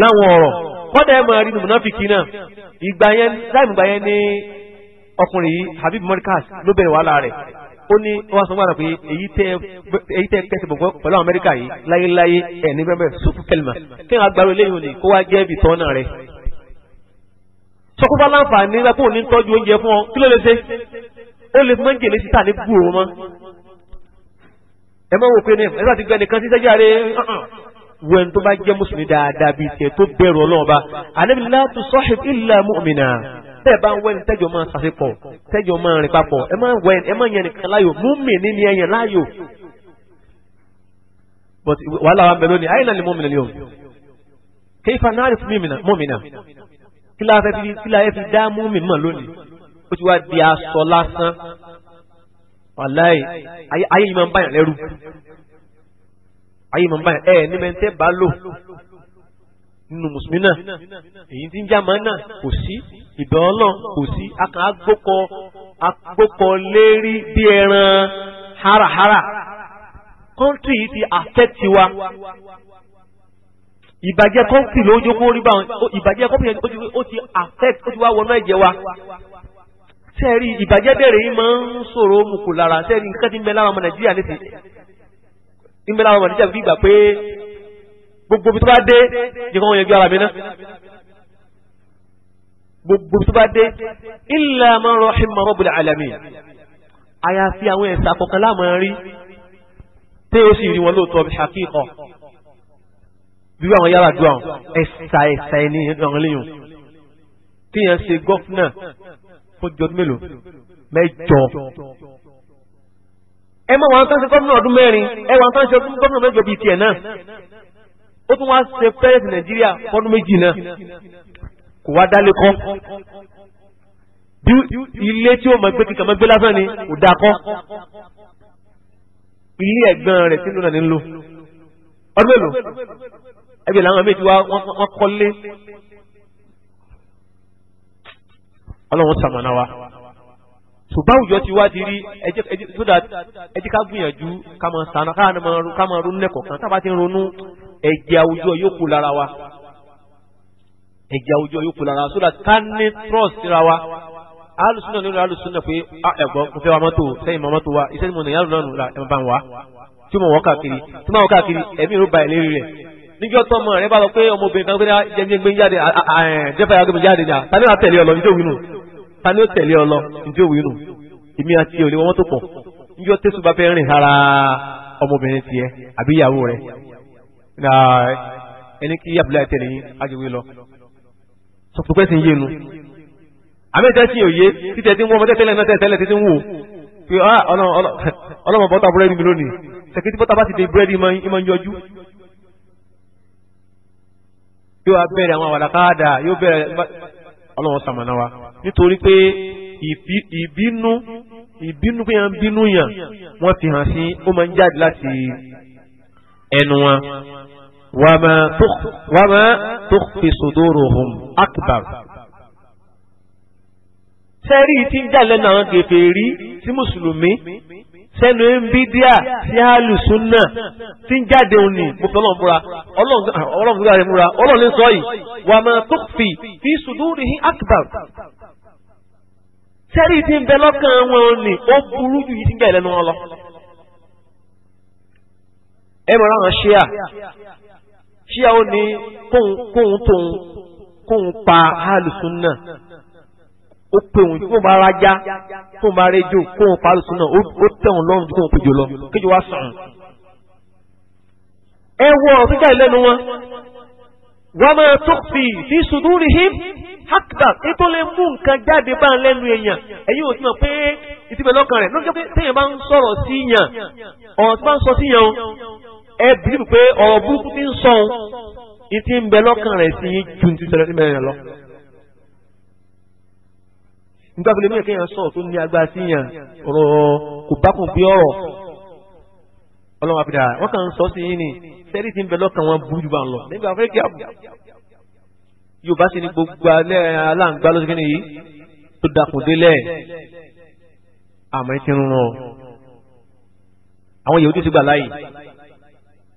láwọn ọ̀rọ̀ kọ́dà ẹ̀ máa rí nù mùnáfìkì náà ìgbà yẹn láìmù ìgbà yẹn ní ọkùnrin yìí Habib Morkas ló bẹ̀rẹ̀ wàhálà rẹ̀ ó ní wọ́n sọ wọ́n pé èyí tẹ́ kẹsì bọ̀gbọ́ pẹ̀lú àwọn yìí láyéláyé ẹ̀ ní bẹ́ẹ̀ bẹ́ẹ̀ kẹlìmà kí wọ́n agbárò eléyìí ò ní kó wá jẹ́ ibi tọ́ náà rẹ̀ sọkúbá láǹfààní nígbà pé òní ń tọ́jú oúnjẹ fún ọ kí ló lè ṣe ó lè mọ́ jèlé síta ní gbòòrò mọ́ ẹ má wò pé ní ẹ bá ti gbẹ nìkan sí sẹ́jà rẹ̀ wẹ́n tó bá jẹ́ mùsùlùmí dáadáa bíi tiẹ̀ tó bẹ̀rù ọlọ́run bá ànábi látò sọ́hìb ilà mùmìnà tẹ́ ẹ bá ń wẹ́n tẹ́jọ́ máa ṣàṣepọ̀ tẹ́jọ́ máa rìn papọ̀ ẹ má wẹ́n ẹ má yẹn nìkan láyò mùmìnì ni ẹ yẹn láyò but wàhálà wa ń bẹ lónìí àyìnlá ni mùmìnà ni o kéfà náà rí fún mùmìnà kí láyé fi dá mú mi mọ̀ lónìí ó ti wá di aṣọ lásán wàláì ayé yìí máa ń báyàn lẹ́rù ayé yìí máa ń báyàn ẹ̀ ní mẹ́ńtẹ́ bá lò nínú mùsùlùmí náà èyí tí ń já máa náà kò sí ìdán ọlọ́run kò sí akàn agbókọ agbókọ lérí bí ẹran hárahára kọ́ńtì yìí ti affect wa ìbàjẹ́ kọ́ńtì ló ń jókòó rí báwọn ìbàjẹ́ kọ́ńtì yẹn ó ti affect ó ti wá wọnú ẹ̀jẹ̀ wa sẹ́ẹ̀rí ìbàjẹ́ bẹ̀rẹ̀ yìí máa ń sọ̀rọ̀ mùkù lára sẹ́ẹ̀rí nǹkan tí ń bẹ lára ọmọ nàìjíríà ní sìn ń bẹ lára ọmọ nàìjíríà fi gbà pé gbogbo bí tó bá dé jẹ́ kọ́ wọn ara mi ná gbogbo bí tó bá dé illa man rahima rabbul alamin àyàfi àwọn ẹ̀sà kọ̀ọ̀kan láàmú rí tẹ́ ó sì rí wọn lóòótọ́ bí ṣàkíkọ̀ bí àwọn yàrá dùn àwọn ẹ̀sà ẹ̀sà ẹni ọ̀rọ̀ lẹ́yìn tíyẹn ṣe gọ́fúnà fún jọdún mélòó mẹ́jọ. ẹ mọ àwọn tán ṣe gómìnà ọdún mẹ́rin ẹ wọn tán ṣe gómìnà mẹ́jọ bíi tiẹ̀ náà ó tún wá ṣe pẹ́rẹ́sì nàìjíríà fọ́dún méjì náà kò wá dálé kọ́ bí ilé tí ó mọ̀ gbé kíkà mọ́ gbé lásán ni kò dáa kọ́ ilé ẹ̀gbọ́n rẹ̀ sínú náà ní ń lò ọdún mélòó ẹbí làwọn méjì wá wọ́n kọ́lé ọlọ́run sàmọ̀nà wa ṣùgbọ́n àwùjọ ti wá di rí ẹjẹ́ ká gbìyànjú ká máa sànà ká máa ronú lẹ́kọ̀ọ́ kan tábà ti ronú ẹ̀jẹ̀ àwùjọ yóò kú lára wa ẹ̀jẹ̀ àwùjọ yóò kú lára wa sódà ká ní trust síra wa alùsùnà nínú alùsùnà pé ah, ẹ̀gbọ́n mo fẹ́ wa mọ́tò sẹ́yìn mọ́ mọ́tò wa iṣẹ́ ni mo nà yàrá lọ́nà ẹ̀ máa bá wa tí mo níjọ́ tó ọmọ rẹ bá lọ pé ọmọbìnrin kan gbé ní gbé jáde jẹ́fà yàgò mi jáde ní à tani ó tẹ̀lé ọ lọ níjọ́ wínú tani ó tẹ̀lé ọ lọ níjọ́ wínú èmi àti òní wọn tó pọ̀ níjọ́ tẹ̀sùn bá fẹ́ rìn rárá ọmọbìnrin tiẹ̀ àbí ìyàwó rẹ̀ ẹni kí abúlé tẹ̀lé yín ajẹ́wé lọ sọ̀tún pẹ́ sí yé nu àmì ìtẹ́sí òye títẹ̀ tí wọ́n tẹ́tẹ́lẹ̀ náà tẹ́tẹ́lẹ̀ títí ń wò pé ah, ọlọ́mọ bọ́tà búrẹ́dì mi lónìí sẹ̀kítì bọ́tà bá ti dé búrẹ́dì máa ń yọjú yóò wá bẹ̀rẹ̀ àwọn àwàlàkáàdà yóò bẹ̀rẹ̀ ọlọ́run sàmànà wa nítorí pé ìbínú ìbínú pé yàn bínú yàn wọ́n fi hàn sí ó máa ń jáde láti ẹnu wọn. wàmà tó fi sòdòrò hùm akbar. sẹ́rí tí ń jáde lẹ́nu àwọn kèfèrí sí mùsùlùmí sẹ́nu ẹ̀ńbídíà sí àlùsùnà tí ń jáde òní mo fi ah, ọlọ́run múra rẹ̀ múra fi fi sùdúrì hí akbar. sẹ́rí ti ń bẹ lọ́kàn wọn òní ó burú ju yìí shia ń bẹ̀rẹ̀ lẹ́nu wọn lọ. ẹ mọ̀ láwọn ṣíà ṣíà ó ní pa ó pé òun tó bá rájá tó bá rédíò kó òun parí sùn náà ó tẹ̀wọ̀n lọ́rùn ju kó òun péjọ lọ kéjọ wá sàn. ẹ wọ ọ̀rọ̀ kíkà ìlẹ́nu wọn wọ́n máa tó fi fi sudurihim hakda ètò lè mú nǹkan jáde bá ń lẹ́nu èèyàn ẹ̀yin ò ti mọ̀ pé ìtìbẹ̀ lọ́kàn rẹ̀ lọ́jọ́ pé téèyàn bá ń sọ̀rọ̀ sí yàn ọ̀rọ̀ tí bá ń sọ sí yàn ẹ bìrì pé ọ̀rọ̀ burúkú ti ń sọ ohun ìtì ń bẹ lọ́kàn rẹ̀ sí ju ti sọ̀rọ̀ sí mẹ́rin lọ nígbà tó lè mú ẹ̀kẹ́yàn sọ̀rọ̀ tó ní agbára sí yàn ọ̀rọ̀ kò bákùn bí ọ̀rọ̀ ọlọ́run àfidà wọ́n kàn ń sọ sí yín ni sẹ́rí ti ń bẹ lọ́kàn wọn burú jù bá ń lọ nígbà afẹ́rẹ́kì àbù yorùbá sì ni gbogbo alẹ́ aláǹgbá lọ́sọ̀kẹ́ ni yìí tó dakùn délẹ̀ àmọ́ ẹ ti ń rán àwọn yòówù ti gbà láàyè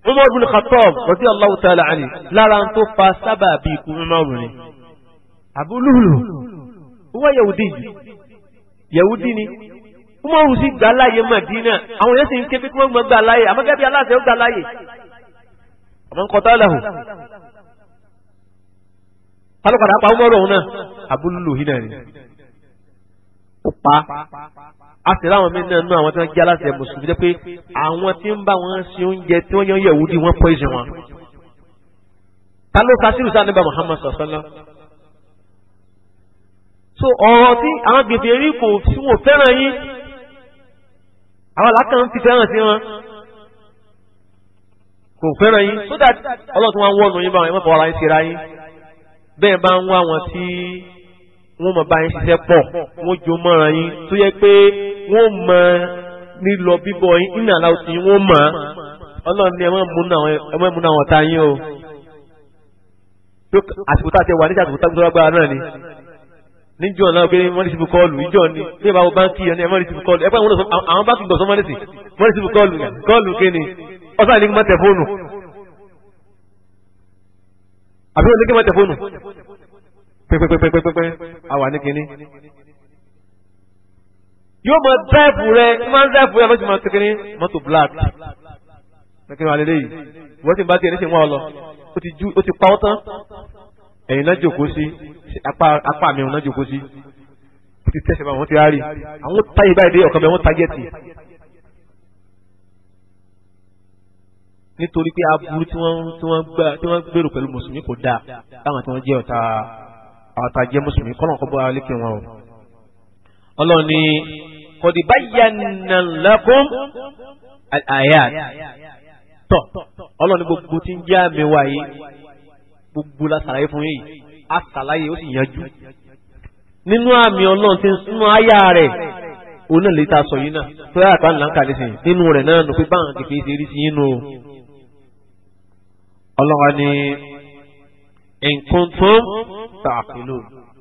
Umar bin Khattab radiyallahu ta'ala anhu lára tó fa sábà bíi ikú Umar ni àbúlùlù wọ́n yahudi yahudi ni umaru sì gbà láàyè madina àwọn yẹn sì ń ké pé kí wọ́n gbà láàyè àmọ́ gẹ́gẹ́ bí aláṣẹ ó gbà láàyè àmọ́ nǹkan tá lẹ́hùn pálọ̀kadà pa umaru ọ̀hún náà abúlùlù yìí náà ni ó pa a sì ráwọn mí náà àwọn tí wọ́n jẹ́ aláṣẹ mùsùlùmí jẹ́ pé àwọn tí ń bá wọn ṣe oúnjẹ tí wọ́n yan yahudi wọ́n pọ́ ìṣẹ̀ wọn ta ló sa sírùsá níbà muhammad sallallahu alaihi so ọ̀rọ̀ tí àwọn gbèsè rí kò tí wọ́n fẹ́ràn yín àwọn alákan fi fẹ́ràn sí wọn kò fẹ́ràn yín so that ọlọ́run tí wọ́n wọ́n yín bá wọn ẹ̀ mọ́fọ́ ara yín síra yín bẹ́ẹ̀ bá ń wá wọn tí wọ́n mọ̀ bá yín ṣiṣẹ́ pọ̀ wọ́n jó mọ́ra yín tó yẹ pé wọ́n mọ nílọ bíbọ yín nínú àlàó tí wọ́n mọ̀ ọlọ́run ni ẹ mọ̀ múnú àwọn ọ̀tá yín o àsìkò tá a ti wà níjà àsìkò tá a gbára náà ni níjọ́ náà pé wọ́n rìsìfù kọ́ọ̀lù ìjọ ni bí ẹ bá wọ báńkì yẹn ni ẹ mọ́ rìsìfù kọ́ọ̀lù ẹ pé àwọn báńkì gbọ̀sán mọ́ rìsì mọ́ rìsìfù kọ́ọ̀lù kọ́ọ̀lù kí ni ọ̀sán ní mọ́ tẹ̀fóònù àbí wọn ní kí mọ́ tẹ̀fóònù pẹ́pẹ́pẹ́pẹ́pẹ́ àwà ní kíní. yóò mọ dẹ́ẹ̀fù rẹ máa ń dẹ́ẹ̀fù rẹ lọ́sùn máa ń kékeré mọ́tò black kékeré wà lélẹ́yìí wọ́n ti bá tiẹ̀ ní ẹ̀yin náà jòkó sí apá mi náà jòkó sí ti tẹsẹ̀ bá wọn ti rárí àwọn táyé báyìí dé ọ̀kan bẹ́ẹ̀ wọ́n tágẹ́tì. nítorí pé aburú tí wọ́n tí wọ́n gbà tí wọ́n gbèrò pẹ̀lú mùsùlùmí kò dáa láwọn tí wọ́n jẹ́ ọ̀tá ọ̀tá jẹ́ mùsùlùmí kọ́nà kọ́ bọ́ alékè wọn o. ọlọ́run ni kọ́dí bayyana lakum al-ayat ọlọ́run ni gbogbo tí ń jẹ́ àmì wáyé gbogbo la ṣàlàyé fún yìí a ṣàlàyé ó sì yanjú nínú àmì ọlọ́run ti ń súnmọ́ àyà rẹ̀ òun náà lè ta sọ yìí náà tó yà àgbà ńlá ń kà nísìnyí nínú rẹ̀ náà nù pé báwọn kìkì ṣe rí sí inú o. ọlọ́run ni nǹkan tó ta àpèlò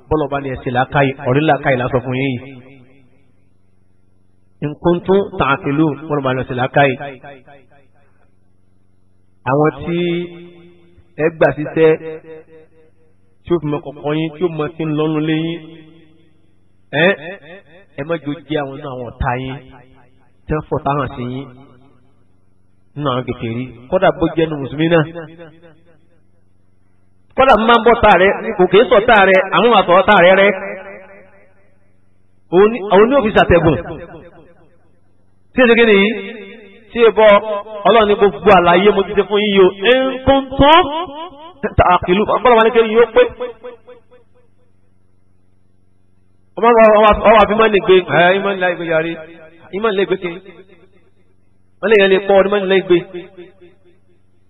bọ́lọ̀ bá ní ẹsẹ̀ làákàyè ọ̀rí làákàyè lásọ fún yìí nǹkan tó ta àpèlò bọ́lọ̀ bá ní ẹsẹ̀ làákàyè àwọn tí ẹ gbà síṣẹ́ tí ó fi mọ kọ̀kọ́ yín tí ó mọ sí ń lọ́nu léyìn ẹ ẹ mọ́jọ jẹ́ àwọn inú àwọn ọ̀tá yín tí wọ́n fọ̀tá hàn sí yín nínú àwọn kékeré kódà bó jẹ́ nu mùsùlùmí náà kódà máa ń bọ́ tá rẹ kò kéé sọ tá rẹ àwọn àtọ̀ tá rẹ rẹ òun ní òfìsì àtẹ̀gùn tí èsì kí nìyí tí èbọ ọlọ́run ní gbogbo àlàyé mo ti ṣe fún yíyó ẹnkúntún àkìlú bọ́lá wà ní kéde yóò pé. ọwọ́ àfi máa ń lè gbé ẹ̀ ìmọ̀ nílá ìgbé yàrá ìmọ̀ nílá ìgbé kéde wọ́n lè yẹn lè pọ̀ ọdún mọ́nìlá ìgbé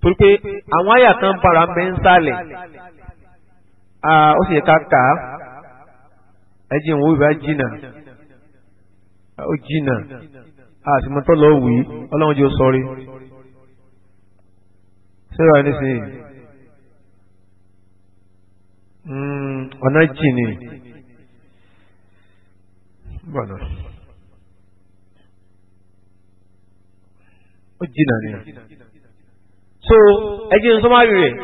torí pé àwọn àyà kan bára ń bẹ ń sálẹ̀ ó sì yẹ ká kà á ẹ jẹun wo ìbá jìnnà ó jìnnà àtìmọ́tọ́ ah, lọ wí ọlọ́run jẹ́ sọ́rí sẹ́wà nísìnyí hmm, ọ̀nà jìnnì bọ̀nà ó jìnnà ni so ẹjẹ́ ní sọ́márì rẹ̀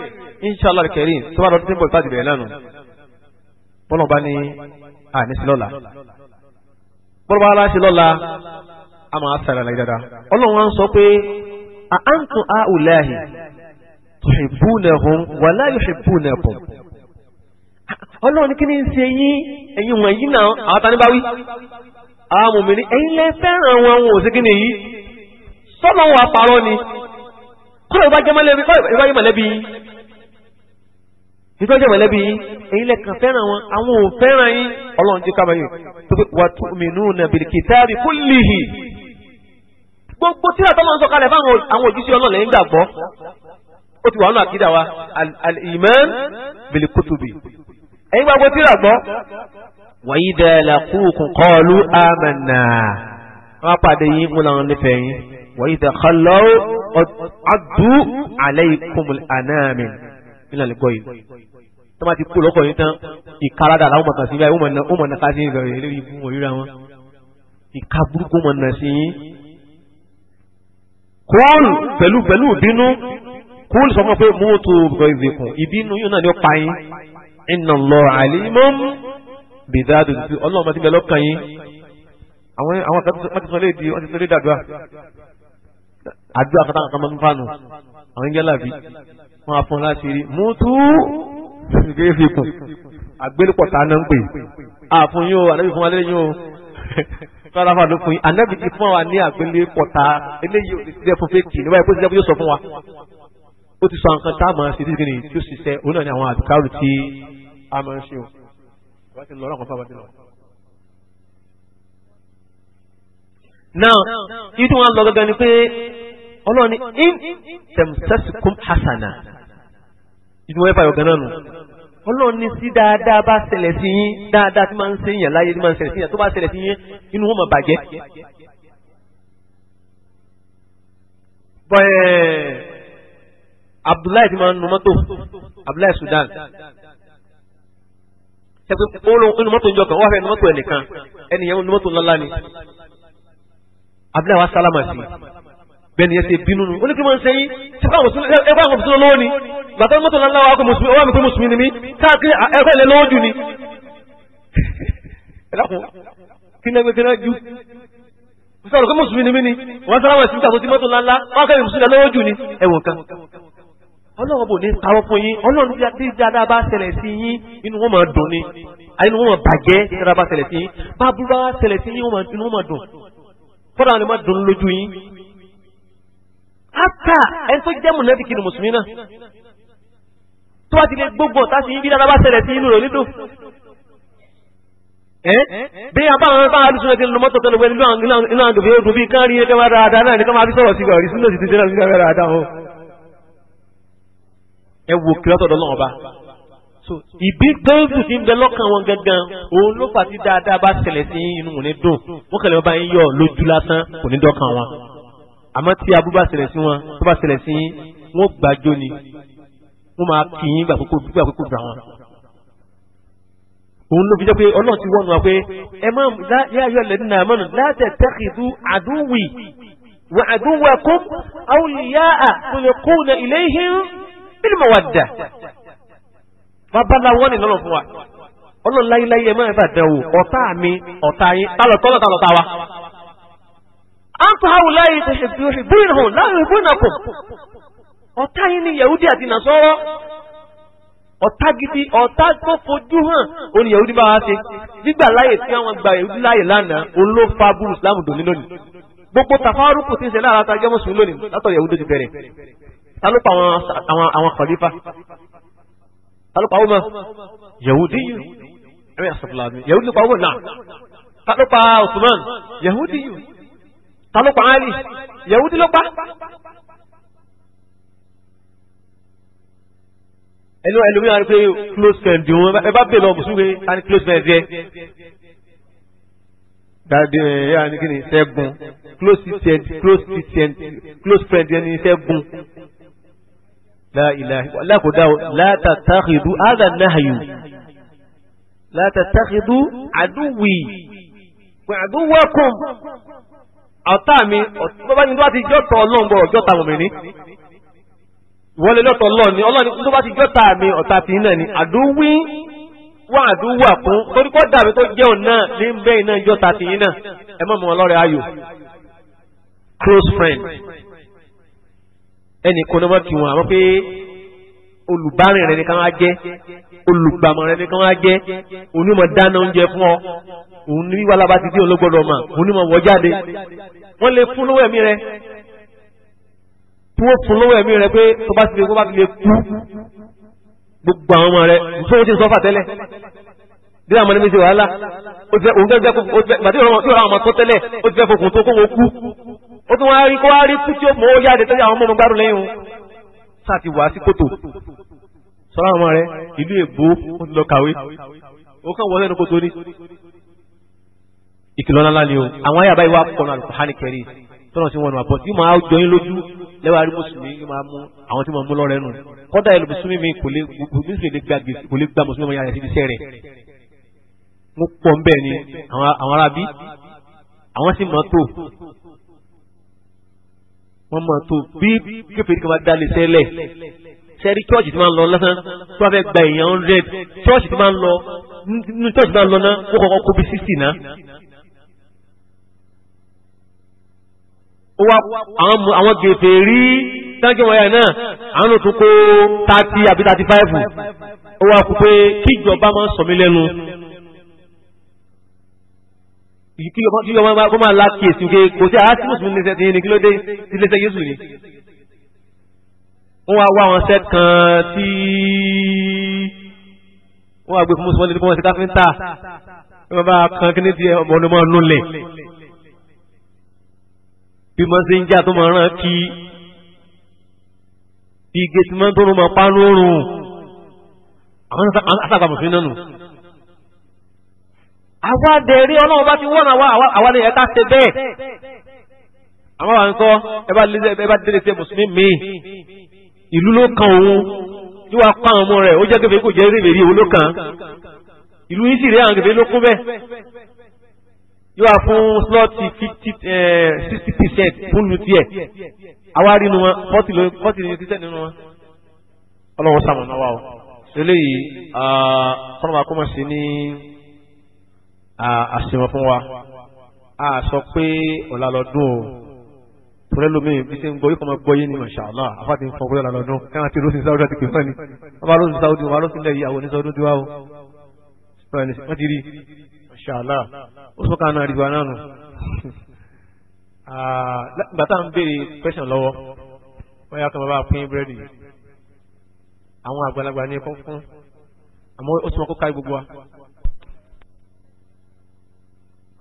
inṣàlá kẹrin tó bá lọ́dún tí ń bọ̀ ìtàjì bẹ̀rẹ̀ lánàá bọ́lọ̀ bá ní àníṣe lọ́la bọ́lọ̀ bá aláṣẹ lọ́la a máa sara láyé dáadáa ọlọ́run wa ń sọ pé a an tún a ò láàyè tuhibbunahum wa la yuhibbunakum ọlọ́run ní kí ni ń ṣe yín ẹ̀yin wọ̀nyí náà àwọn tani bá wí àwọn mòmìnir ẹ̀yin lẹ fẹ́ràn wọn wọn ò sí kí ni yìí sọ́nà wọn àpárọ̀ ni kọ́lọ̀ ìbá jẹ́ mọ̀lẹ́bí kọ́lọ̀ ìbá jẹ́ mọ̀lẹ́bí ìtọ́jẹ́ mọ̀lẹ́bí ẹ̀yin lẹ́kàn fẹ́ràn wọn àwọn ò fẹ́ràn yín ọlọ́run ti kábàáyé tó pé wàtúmínú nàbìlì kìtàbí kullihi gbogbo tíra tó máa ń sọ̀kalẹ̀ fáwọn àwọn òjíṣẹ́ ọlọ́ọ̀lẹ́ ń gbàgbọ́ ó ti wà nù àkídà wa al-iman bil-kutubi ẹ̀yin gbàgbọ́ tíra gbọ́. wàyí dẹ́ẹ̀lá kúùkùn kọ́ọ̀lù àmànà wọn pàdé yín mú làwọn nífẹ̀ẹ́ yín wàyí dẹ́ kọ́lọ́ adú alẹ́ ikùn ànáàmì nílànà gbọ́ yìí tó máa ti kú lọ́kọ̀ yín tán ìkaradà làwọn mọ̀tàn sí báyìí ó mọ̀ nà ká sí ìgbà rẹ̀ lórí ibú wọn ìka burúkú sí yín kóòlù pẹ̀lú pẹ̀lú ìbínú kóòlù sọ fún pé mọ́tò bọ̀ ìzìkùn ìbínú yóò náà ní ó pa yín iná lọ àlímọ́ bìdáàdù sí ọlọ́run ti bẹ lọ́kàn yín àwọn àwọn kan ti sọ lé di wọ́n ti sọ lé dàdúrà àdúrà kan táwọn kan máa àwọn ìgbẹ́ làbí wọn á fún láti rí mọ́tò ìgbésìkùn àgbélùpọ̀ tá a náà ń pè àfún yóò àlejò fún wa lẹ́yìn yóò. rárá wà ló fún yín ànábì ti fún wa ní àgbélé pọ̀tà eléyìí ò ti ṣiṣẹ́ fún fèkì níwáyé kó ṣiṣẹ́ fún yóò sọ fún wa ó ti sọ nǹkan tá a máa ṣe títí ní tí ó ṣiṣẹ́ òun náà ni àwọn àdùkárù tí a máa ń ṣe o wá ti lọ lọ́kàn fáwọn bílọ̀. náà yìí tí wọ́n lọ gangan ni pé ọlọ́run in tẹ̀mùsẹ́sì kún hasana ìdúnwó ẹ̀fà yọ̀gán náà nù ọlọ́run ní sí dáadáa bá ṣẹlẹ̀ sí yín dáadáa tí máa ń ṣe yàn láyé tí máa ń ṣẹlẹ̀ sí yàn tó bá ṣẹlẹ̀ sí yín inú wọn máa bàjẹ́. bẹ́ẹ̀ Abdullahi ti máa ń nu mọ́tò Abdullahi Sudan sẹ́pẹ́ olóhùn inú mọ́tò ìjọ kan wọ́n fẹ́ nu mọ́tò ẹnìkan ẹnìyẹn nu mọ́tò ńláńlá ni Abdullahi wa sálámà sí i bẹ́ẹ̀ ni ẹ ṣe bínú nu ó ní kí wọ́n ń sẹ́yìn ṣe fún àwọn mùsùlùmí lọ́wọ́ ni bàtà mọ́tò ńlá wa kò mùsùlùmí ọwọ́ mi kò mùsùlùmí ni mí káàkiri ẹ̀fẹ́ ilẹ̀ lọ́wọ́ jù ni. kí ni ẹgbẹ́ kí ni ju sọ̀rọ̀ kó mùsùlùmí ni mí ni wọ́n sọ̀rọ̀ àwọn ìsìnkà tó ti mọ́tò ńlá wọ́n kẹ́rin mùsùlùmí lọ́wọ́ jù ni ẹ̀wọ̀n kan. ọlọ́run bò ní parọ́ fún yín ọlọ́run bí adé dáadáa bá ṣẹlẹ̀ sí yín inú wọn máa dùn ni inú wọn máa bàjẹ́ dáadáa bá ṣẹlẹ̀ sí yín bá burú hátà ẹni tó jẹ́ mùnẹ́fìkì ni mùsùlùmí náà tó bá ti lè gbogbo ọ̀tá sí ibi dáadáa bá ṣẹlẹ̀ sí inú rẹ̀ nídùn. bí abáwọn bá alùsùn náà ti lọ mọ́tò tẹ́lẹ̀ wẹ́n nínú àwọn dòbí odò bíi kán rí ẹgbẹ́ máa dáadáa náà ní ká máa fi sọ̀rọ̀ sí ìgbà rí sínú òsì ẹ wo kìlọ́tọ̀ lọ́wọ́ ọba ìbí gbẹ́rù ti ń bẹ lọ́kàn wọn gangan òun ló fà sí dáadáa bá ṣẹlẹ̀ sí inú òní dùn wọ́n kẹlẹ́ wọn bá ń yọ̀ lójú lásán kò ní dọ́kàn wọn àmọ́ tí abú bá ṣẹlẹ̀ sí wọn tó bá ṣẹlẹ̀ sí wọn gbàjọ ni wọ́n máa kì í gbà kókó gbà kókó gbà wọn. òun ló fi jẹ́ pé ọlọ́run ti wọ́n wa pé ẹ má yá ayọ́ lẹ́nu náà mọ́nà láti tẹ́kìdú àdúwì wà àdúwà kó àwòlíyá à tó kó na ilé ihìn bílí mà wà dà. babalá ni lọ́nà fún wa ọlọ́run láyé láyé ẹ má bá dẹ̀ ọ̀tá mi ọ̀tá yín tálọ̀ tọ́lọ̀ tálọ̀ tá wa antu haulai yuhibbunahum la yuhibbunakum ọ̀tá yín ni yahudi àti nasọ́rọ́ ọ̀tá gidi ọ̀tá tó fojú hàn òní yahudi bá wá ṣe nígbà láyè tí àwọn gba yahudi láyè lánàá olófa burú islam dòní lónìí gbogbo tàfárùkù tí ń ṣe lára àtàjẹ́ mùsùlùmí lónìí látọ̀ yahudi ti bẹ̀rẹ̀ ta ló pa àwọn kọ̀lífà ta ọmọ yahudi ẹ̀rẹ́ àṣàfùlà mi yahudi ló pa ọmọ náà ta ló yahudi yìí ta ló pa Ali Yahudi ló pa ẹnu ẹlòmíràn rí pé close friend wọn ẹ bá bèèrè ọmọ sùúrù ta ni close friend yẹ dade ẹ yà ni kí ni Ṣẹ́gun close friend close friend close friend yẹ ni Ṣẹ́gun láìláì alákòódà látàtàkìdú àdànáhàyù látàtàkìdú àdúwì àdúwàkùn ọ̀tá mi bàbá yìí tó bá ti jọ́tọ̀ ọlọ́run gbọ́dọ̀ jọ́ta mọ̀mìnì wọlé lọ́tọ̀ ọlọ́run ni ọlọ́run tó bá ti jọ́ta mi ọ̀tá ti náà ni àdúwí wà àdúwà fún torí kọ́ dàbí tó jẹ́ òun náà ní bẹ́ẹ̀ náà jọ́ta ti yín náà ẹ mọ̀ mọ́ ọlọ́rẹ̀ ayò close friend ẹnì kan náà kí wọn àmọ́ pé olùbárìn rẹ ni káwọn á jẹ́ olùgbàmọ̀ rẹ ni káwọn á jẹ́ onímọ̀ dáná oúnjẹ fún ọ òun ní wíwá lába ti dé òun ló gbọ́dọ̀ mà òun ní mọ̀ wọ́ jáde wọ́n lè fún lówó ẹ̀mí rẹ tí wọ́n fún lówó ẹ̀mí rẹ pé tó bá ti lè kó bá ti lè kú gbogbo àwọn ọmọ rẹ fún oṣù sọ́fà tẹ́lẹ̀ dídá àwọn ẹni ṣe wàhálà ó ti fẹ́ òun gẹ́gẹ́ fún gbàdé ìrọ̀ àwọn ọmọ tó tẹ́lẹ̀ ó ti fẹ́ fokùn tó kó wọn kú ó tún wá rí kó wá rí kú tí ó mọ̀ ó yáde tẹ́lẹ̀ àwọn ọmọ gbárùn lẹ́yìn òun sáà ti wà sí kòtò sọ́ra ọmọ rẹ ìlú èbó ó ti lọ kàwé ó kàn wọ́n sẹ́nu kòtò ni ìkìlọ̀ ńlá ni o àwọn ayé àbáyé wa kọ̀nà àlùkùhánì kẹrì tọ́nà tí wọ́n nù àbọ̀ tí yóò máa jọ yín lójú lẹ́wà rí mùsùlùmí yóò máa mú àwọn tí wọ́n mú lọ́rẹ́ nù kọ́dà ẹlò mùsùlùmí mi kò lè kò lè gba mùsùlùmí yàrá sí iṣẹ́ rẹ̀ mo pọ̀ ń bẹ̀ ni àwọn arábí àwọn sì mọ̀ tó wọ́n mọ̀ tó bí kéferì kan bá dálé sẹ́lẹ̀ sẹ́rí chọ́ọ̀chì tí máa ń lọ lọ́sán tí wọ́n fẹ́ gba èèyàn hundred chọ́ọ̀chì tí máa ń lọ nínú chọ́ọ̀chì tí máa ń lọ náà ó kọ́kọ́ kó bí sixty náà àwọn gèfè rí tánkì wọ̀nyà náà àwọn tó kó tààtì àbí tààtì fáìfù ó wá kú pé kíjọba máa ń sọ mí lẹ́nu kíjọba máa lákìyèsí pé kò sí àá tí mùsùlùmí lè sẹ́yìn ní kí ló dé sí lè sẹ́ Jésù ni wọ́n wá wá àwọn ṣẹ́ kan tí wọ́n wá gbé fún mùsùlùmí lè fún wọn sí káfíńtà wọ́n bá kan kí ní ti ọmọ ọdún mọ́ nulẹ̀ bí mo ṣe ń jà tó máa rán kí bí ige tí mo ń tóun máa pánú oorun àwọn àtàgbà mùsùlùmí náà nù. àwa dẹ̀rí ọlọ́run bá ti wọ́n àwa àwa ni ẹ̀ka ṣe bẹ́ẹ̀ àwọn àwọn nǹkan ẹ bá lé ẹ bá délé sí mùsùlùmí mi ìlú ló kan òun tí wàá pa àwọn ọmọ rẹ̀ ó jẹ́ kébé kò jẹ́ rèbèrè òun ló ìlú yìí sì rí àwọn kébé ló kún bẹ́ẹ̀ yóò wá fún slọ́ọ̀tì eh, sixty percent fún lu tiẹ̀ àwa rí nu wọn forty ló forty ní títẹ̀ nínú wọn ọlọ́wọ́ sàmùnà wa o eléyìí kọ́nàmà kó mọ̀ sí ní àṣìwọ̀n fún wa a sọ pé ọ̀la lọ́dún o tòlẹ́ lómi bí ṣe ń gbọ́ yóò kọ́ máa gbọ́ yé ni masha allah afáàtì ń fọ́ pé ọ̀la lọ́dún káwọn ti rọ́ọ̀sì sáwọ́dún àti pèmọ́ ni wọ́n bá rọ́ọ̀sì sáwọ́dún wọ́n bá rọ́ọ̀sì lẹ́yìn àwọn oníṣẹ́ ọdún tiwa o wọ́n ti rí masha allah ó sọ ká náà rí wa náà nù ah, gbà tá à ń béèrè pẹ́sàn lọ́wọ́ wọ́n yà kàn bá pín búrẹ́dì àwọn àgbàlagbà ní ẹ̀kọ́ fún àmọ́ ó sì mọ́ kó ká gbogbo wa.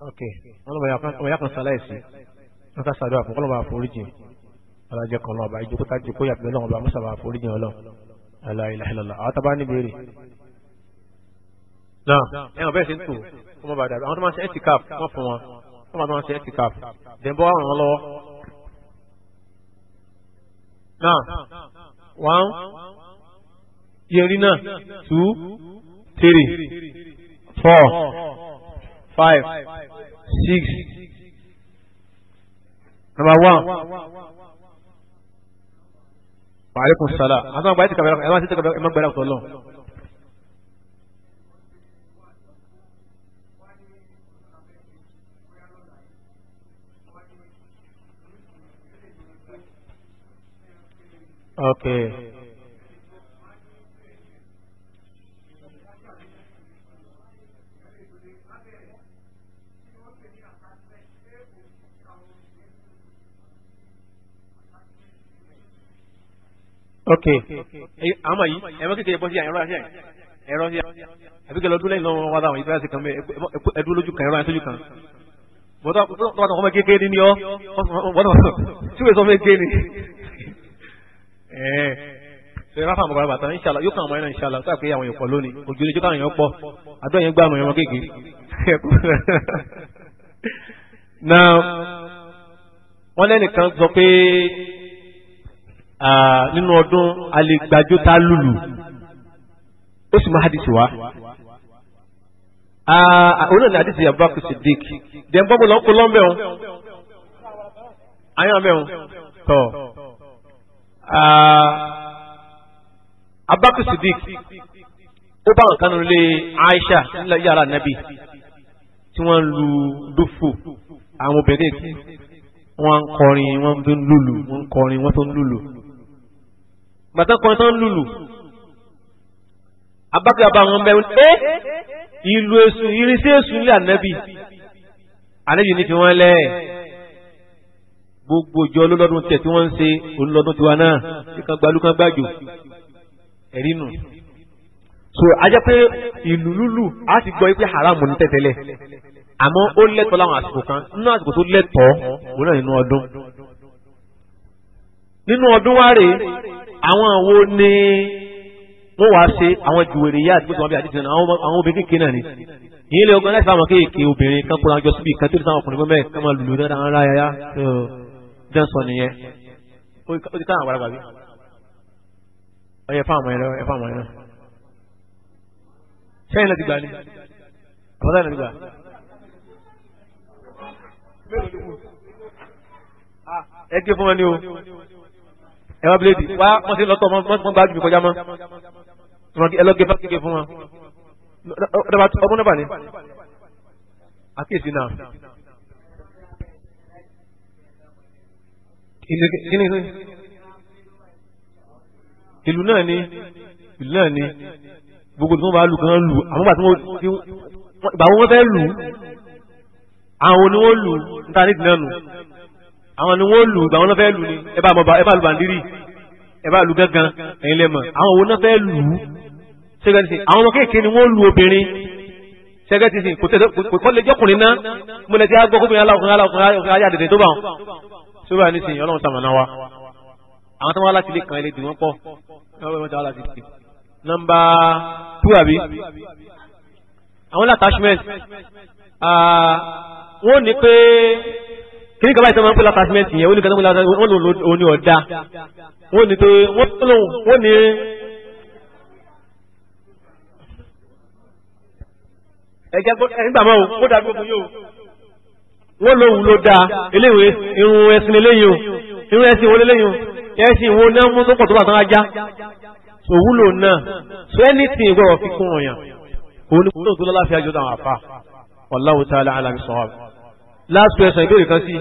ok wọ́n yà kàn sálẹ̀ sí wọ́n ká sàdúrà fún kọ́lọ́ bá foríjì alájẹ kan lọ́wọ́ bá ìjókòó tá jókòó yàtọ̀ lọ́wọ́ bá mọ́sàbà foríjì ọlọ́ aláìláìlọ́lá àwọn tábà ní béèrè. náà ẹ̀wọ̀n ọmọ bàdà àwọn tó máa ń ṣe etikaf wọ́n fún wọn wọ́n máa tó máa ń ṣe etikaf dẹ̀bọ́ àwọn wọn lọ́wọ́. náà wọ́n yẹrí náà two three four five six number one. Wa alaikum salaam. Àtàwọn àgbà yìí ti kàbẹ̀rẹ̀ ẹ̀ máa ti tẹ̀kọ̀ ẹ̀ máa gbẹ̀rẹ̀ ọ̀tọ̀ lọ. Okay. ok àmọ́ yìí ẹmọ kékeré bọ sí ẹ̀rọ àṣẹ ẹ̀rọ àṣẹ àbí kẹlẹ ọdún lẹ́yìn lọ́wọ́ wa dáhùn ìgbéra sí kan bẹ ẹdún lójú kan ẹ̀rọ àṣẹ lójú kan bọtọ bọtọ ọmọ kékeré ni ọ bọtọ tí wọ́n sọ fún mi kékeré ni ẹ̀ẹ́ ṣe ráfà mọ̀ bàbà tán ìṣàlá yóò kàn àwọn ẹ̀rọ ìṣàlá tó àpéyàwó yẹn pọ̀ lónìí ojú ilé jókòó yẹn pọ̀ àdúrà yẹn gbàmù yẹn mọ́ kéèké. na wọ́n lẹ́nìkan sọ pé nínú ọdún alẹ́gbàjó tá lùlù ó sì máa hadisi wá onáà ní hadisi Abubakar Siddiq dẹ̀ ń bọ́ bọ́ lọ́kọ́ lọ́mbẹ́ wọn àyàn mẹ́wọn tọ̀ abakar ah, sidik ó bá nǹkan nínú ilé aisha nílẹ̀ yàrá nàbì tí wọ́n ń lu dúfò àwọn obìnrin tí wọ́n ń kọrin wọ́n ń lùlù wọ́n ń kọrin wọ́n tó ń lùlù gbàtà kọrin tó ń lùlù abakar bá wọn bẹ́ẹ̀ ẹ́ ìlú èsù irinṣẹ́ èsù nílẹ̀ ànábì ànábì ní fi wọ́n lẹ́ẹ̀ gbogbo ìjọ olólọ́dún tẹ̀ tí wọ́n ń ṣe olólọ́dún tiwa náà kíkan gbalú kan gbàjò ẹ̀rí nù. so ajá pé ìlú lúlù á ti gbọ́ pé haram ní tẹ̀tẹ̀lẹ̀ àmọ́ ó lẹ́tọ̀ọ́ láwọn àsìkò kan nínú àsìkò tó lẹ́tọ̀ọ́ òun náà nínú ọdún. nínú ọdún wa rèé àwọn wo ni wọ́n wá ṣe àwọn jùwèrè yá àti gbọ́dọ̀ bí àti tìǹda àwọn obìnrin kékeré náà ni ìyẹn lè ọgbọ́n láti fáwọn kéèké obìnrin kan kóra jọ síbi kan tó ti sáwọn ọkùnrin mẹ́rin máa lù dáadáa rárá yáyá tẹ́sán nìyẹn ó ti káwọn àgbàlagbà bí ọ yẹ fáwọn ọmọ yẹn lọ ẹ fáwọn ọmọ yẹn lọ sẹ́yìn lẹ́ti gbà ni àbọ̀dá lẹ́ti gbà. ẹ gé fún wọn ni o ẹ wá bíléèdì wá wọn sì lọ́tọ̀ wọn gbá jùlọ kọjá mọ́ ẹ lọ gé bá gé fún wọn ọmọ náà bà ní àkíyèsí náà. ìlú náà ni ìlú náà ni gbogbo tí wọ́n bá lù kan lù àmúgbà tí wọ́n ìgbà wọn fẹ́ lù àwọn ni wọ́n lù níta nídìí náà nù àwọn ni wọ́n lù ìgbà wọn fẹ́ lù ni ẹ bá lù bàndírì ẹ bá lù gángan ẹ̀yin lẹ́mọ̀ àwọn òun náà fẹ́ lù ṣẹ́gẹ́tì sìn àwọn ọmọ kéèké ni wọ́n lù obìnrin ṣẹ́gẹ́tì sìn kò tẹ̀lé kò lè jọ́kùnrin náà mo lè ti á gbọ́ kóbìnrin aláwọ̀ kan aláwọ̀ kan ayé àdèdè tó bá wọn sórí àní sìn ọlọ́run sàmànà wa àwọn tó wá láti lè kàn ilé dùn wọ́n pọ̀ nọ́mbà two àbí àwọn attachment wọ́n ní pé kí ní kaba ìtọ́ máa ń pè látàsímẹ́ǹtì yẹn wọ́n ní kaba ìtọ́ wọ́n lò ó ní ọ̀dá wọ́n ní pé wọ́n lò wọ́n ní. ẹ̀jẹ̀ gbàmọ́ o kó dàbí ogun yóò wọ́n lóhun ló dáa eléyìí irun ẹ̀sìn eléyìí o irun ẹ̀sìn wo eléyìí o ẹ̀sìn wo náà mú tó pọ̀ tó bá tán ajá so wúlò náà so anything gbọ́dọ̀ fi kún ọ̀yàn òun ni kúrò tó lọ́la fi àjọ àwọn àfa wallahu ta'ala alam sawab last question ìbéèrè kan sí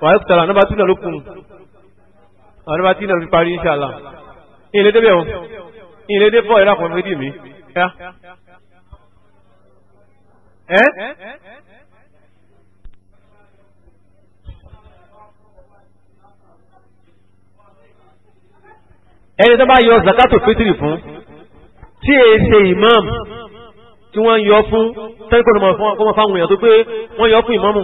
wàhálà kùtàlà nọ́mbà tí náà ló kùn àwọn nọ́mbà tí náà fi parí inshallah ìyìn lédè bẹ́ẹ̀ o ìyìn lédè fọ́ ìrà kan mi ẹ́ ẹni tó bá yọ zakato fitiri fún tí e ṣe imam tí wọ́n yọ fún tẹ́lifíkọ́nù kọ́mọ fáwọn èèyàn tó pé wọ́n yọ fún ìmámù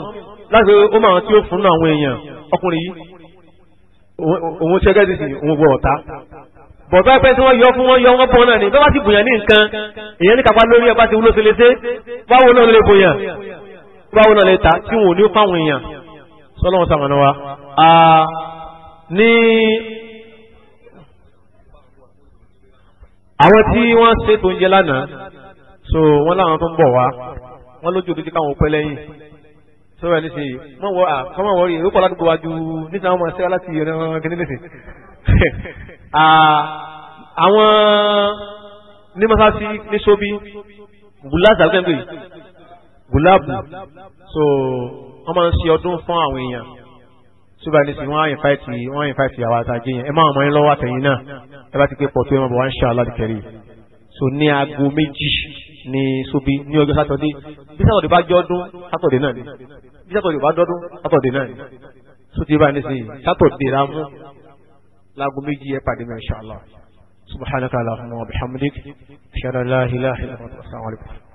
láti ó máa tí ó fún àwọn èèyàn ọkùnrin yìí òun ṣẹ́gẹ́ ti sìn òun gbọ́ ọ̀tá bọ̀dọ̀ ẹgbẹ́ tí wọ́n yọ fún wọn yọ wọn bọ̀ náà ni bẹ́ẹ̀ bá ti bùyàn ní nǹkan èèyàn ní kápá lórí ẹgbẹ́ tí wọ́n ló ṣe léṣe báwo náà lè bùyàn báwo náà lè ta tí wọn ò ní fáwọn èèyàn sọlọ́wọ́n sàmọ̀nà wa ní àwọn tí wọ́n ṣètò oúnjẹ lánàá so wọ́n láwọn tó ń bọ̀ wá wọ́n lójú òdodo káwọn pẹ́ lẹ́yìn so ẹni sè mọ̀ wọ́ à kọ́mọ̀ wọ́ọ́rì èrò pọ̀ ládùúgbò wájú níta wọn máa ṣe láti ìran kìnìún lẹ́sìn àwọn ní mọ́sáàsì ní sóbí gùláàbù àgbẹ̀gbẹ̀ gùláàbù so wọ́n máa ń ṣe ọdún fún àwọn èèyàn ṣùgbọ́n ní sinmi wọ́n á invite wọ́n á invite ìyàwó àtàjẹ yẹn ẹ máa mọ yín lọ́wọ́ àtẹ̀yìn náà ẹ bá ti pé pọ̀ tó yẹn mọ̀ bọ̀ wá ń ṣe aládìkẹ́rì so ní aago méjì ní sobi ní ọjọ́ sátọ̀dé bí sátọ̀dé bá jẹ́ ọdún sátọ̀dé náà ni bí sátọ̀dé bá dọ́dún sátọ̀dé náà ni so ti bá ní sinmi sátọ̀dé ra mú láago méjì ẹ pàdé mi inshallah subhanaka allahumma wa bihamdik ashhadu an la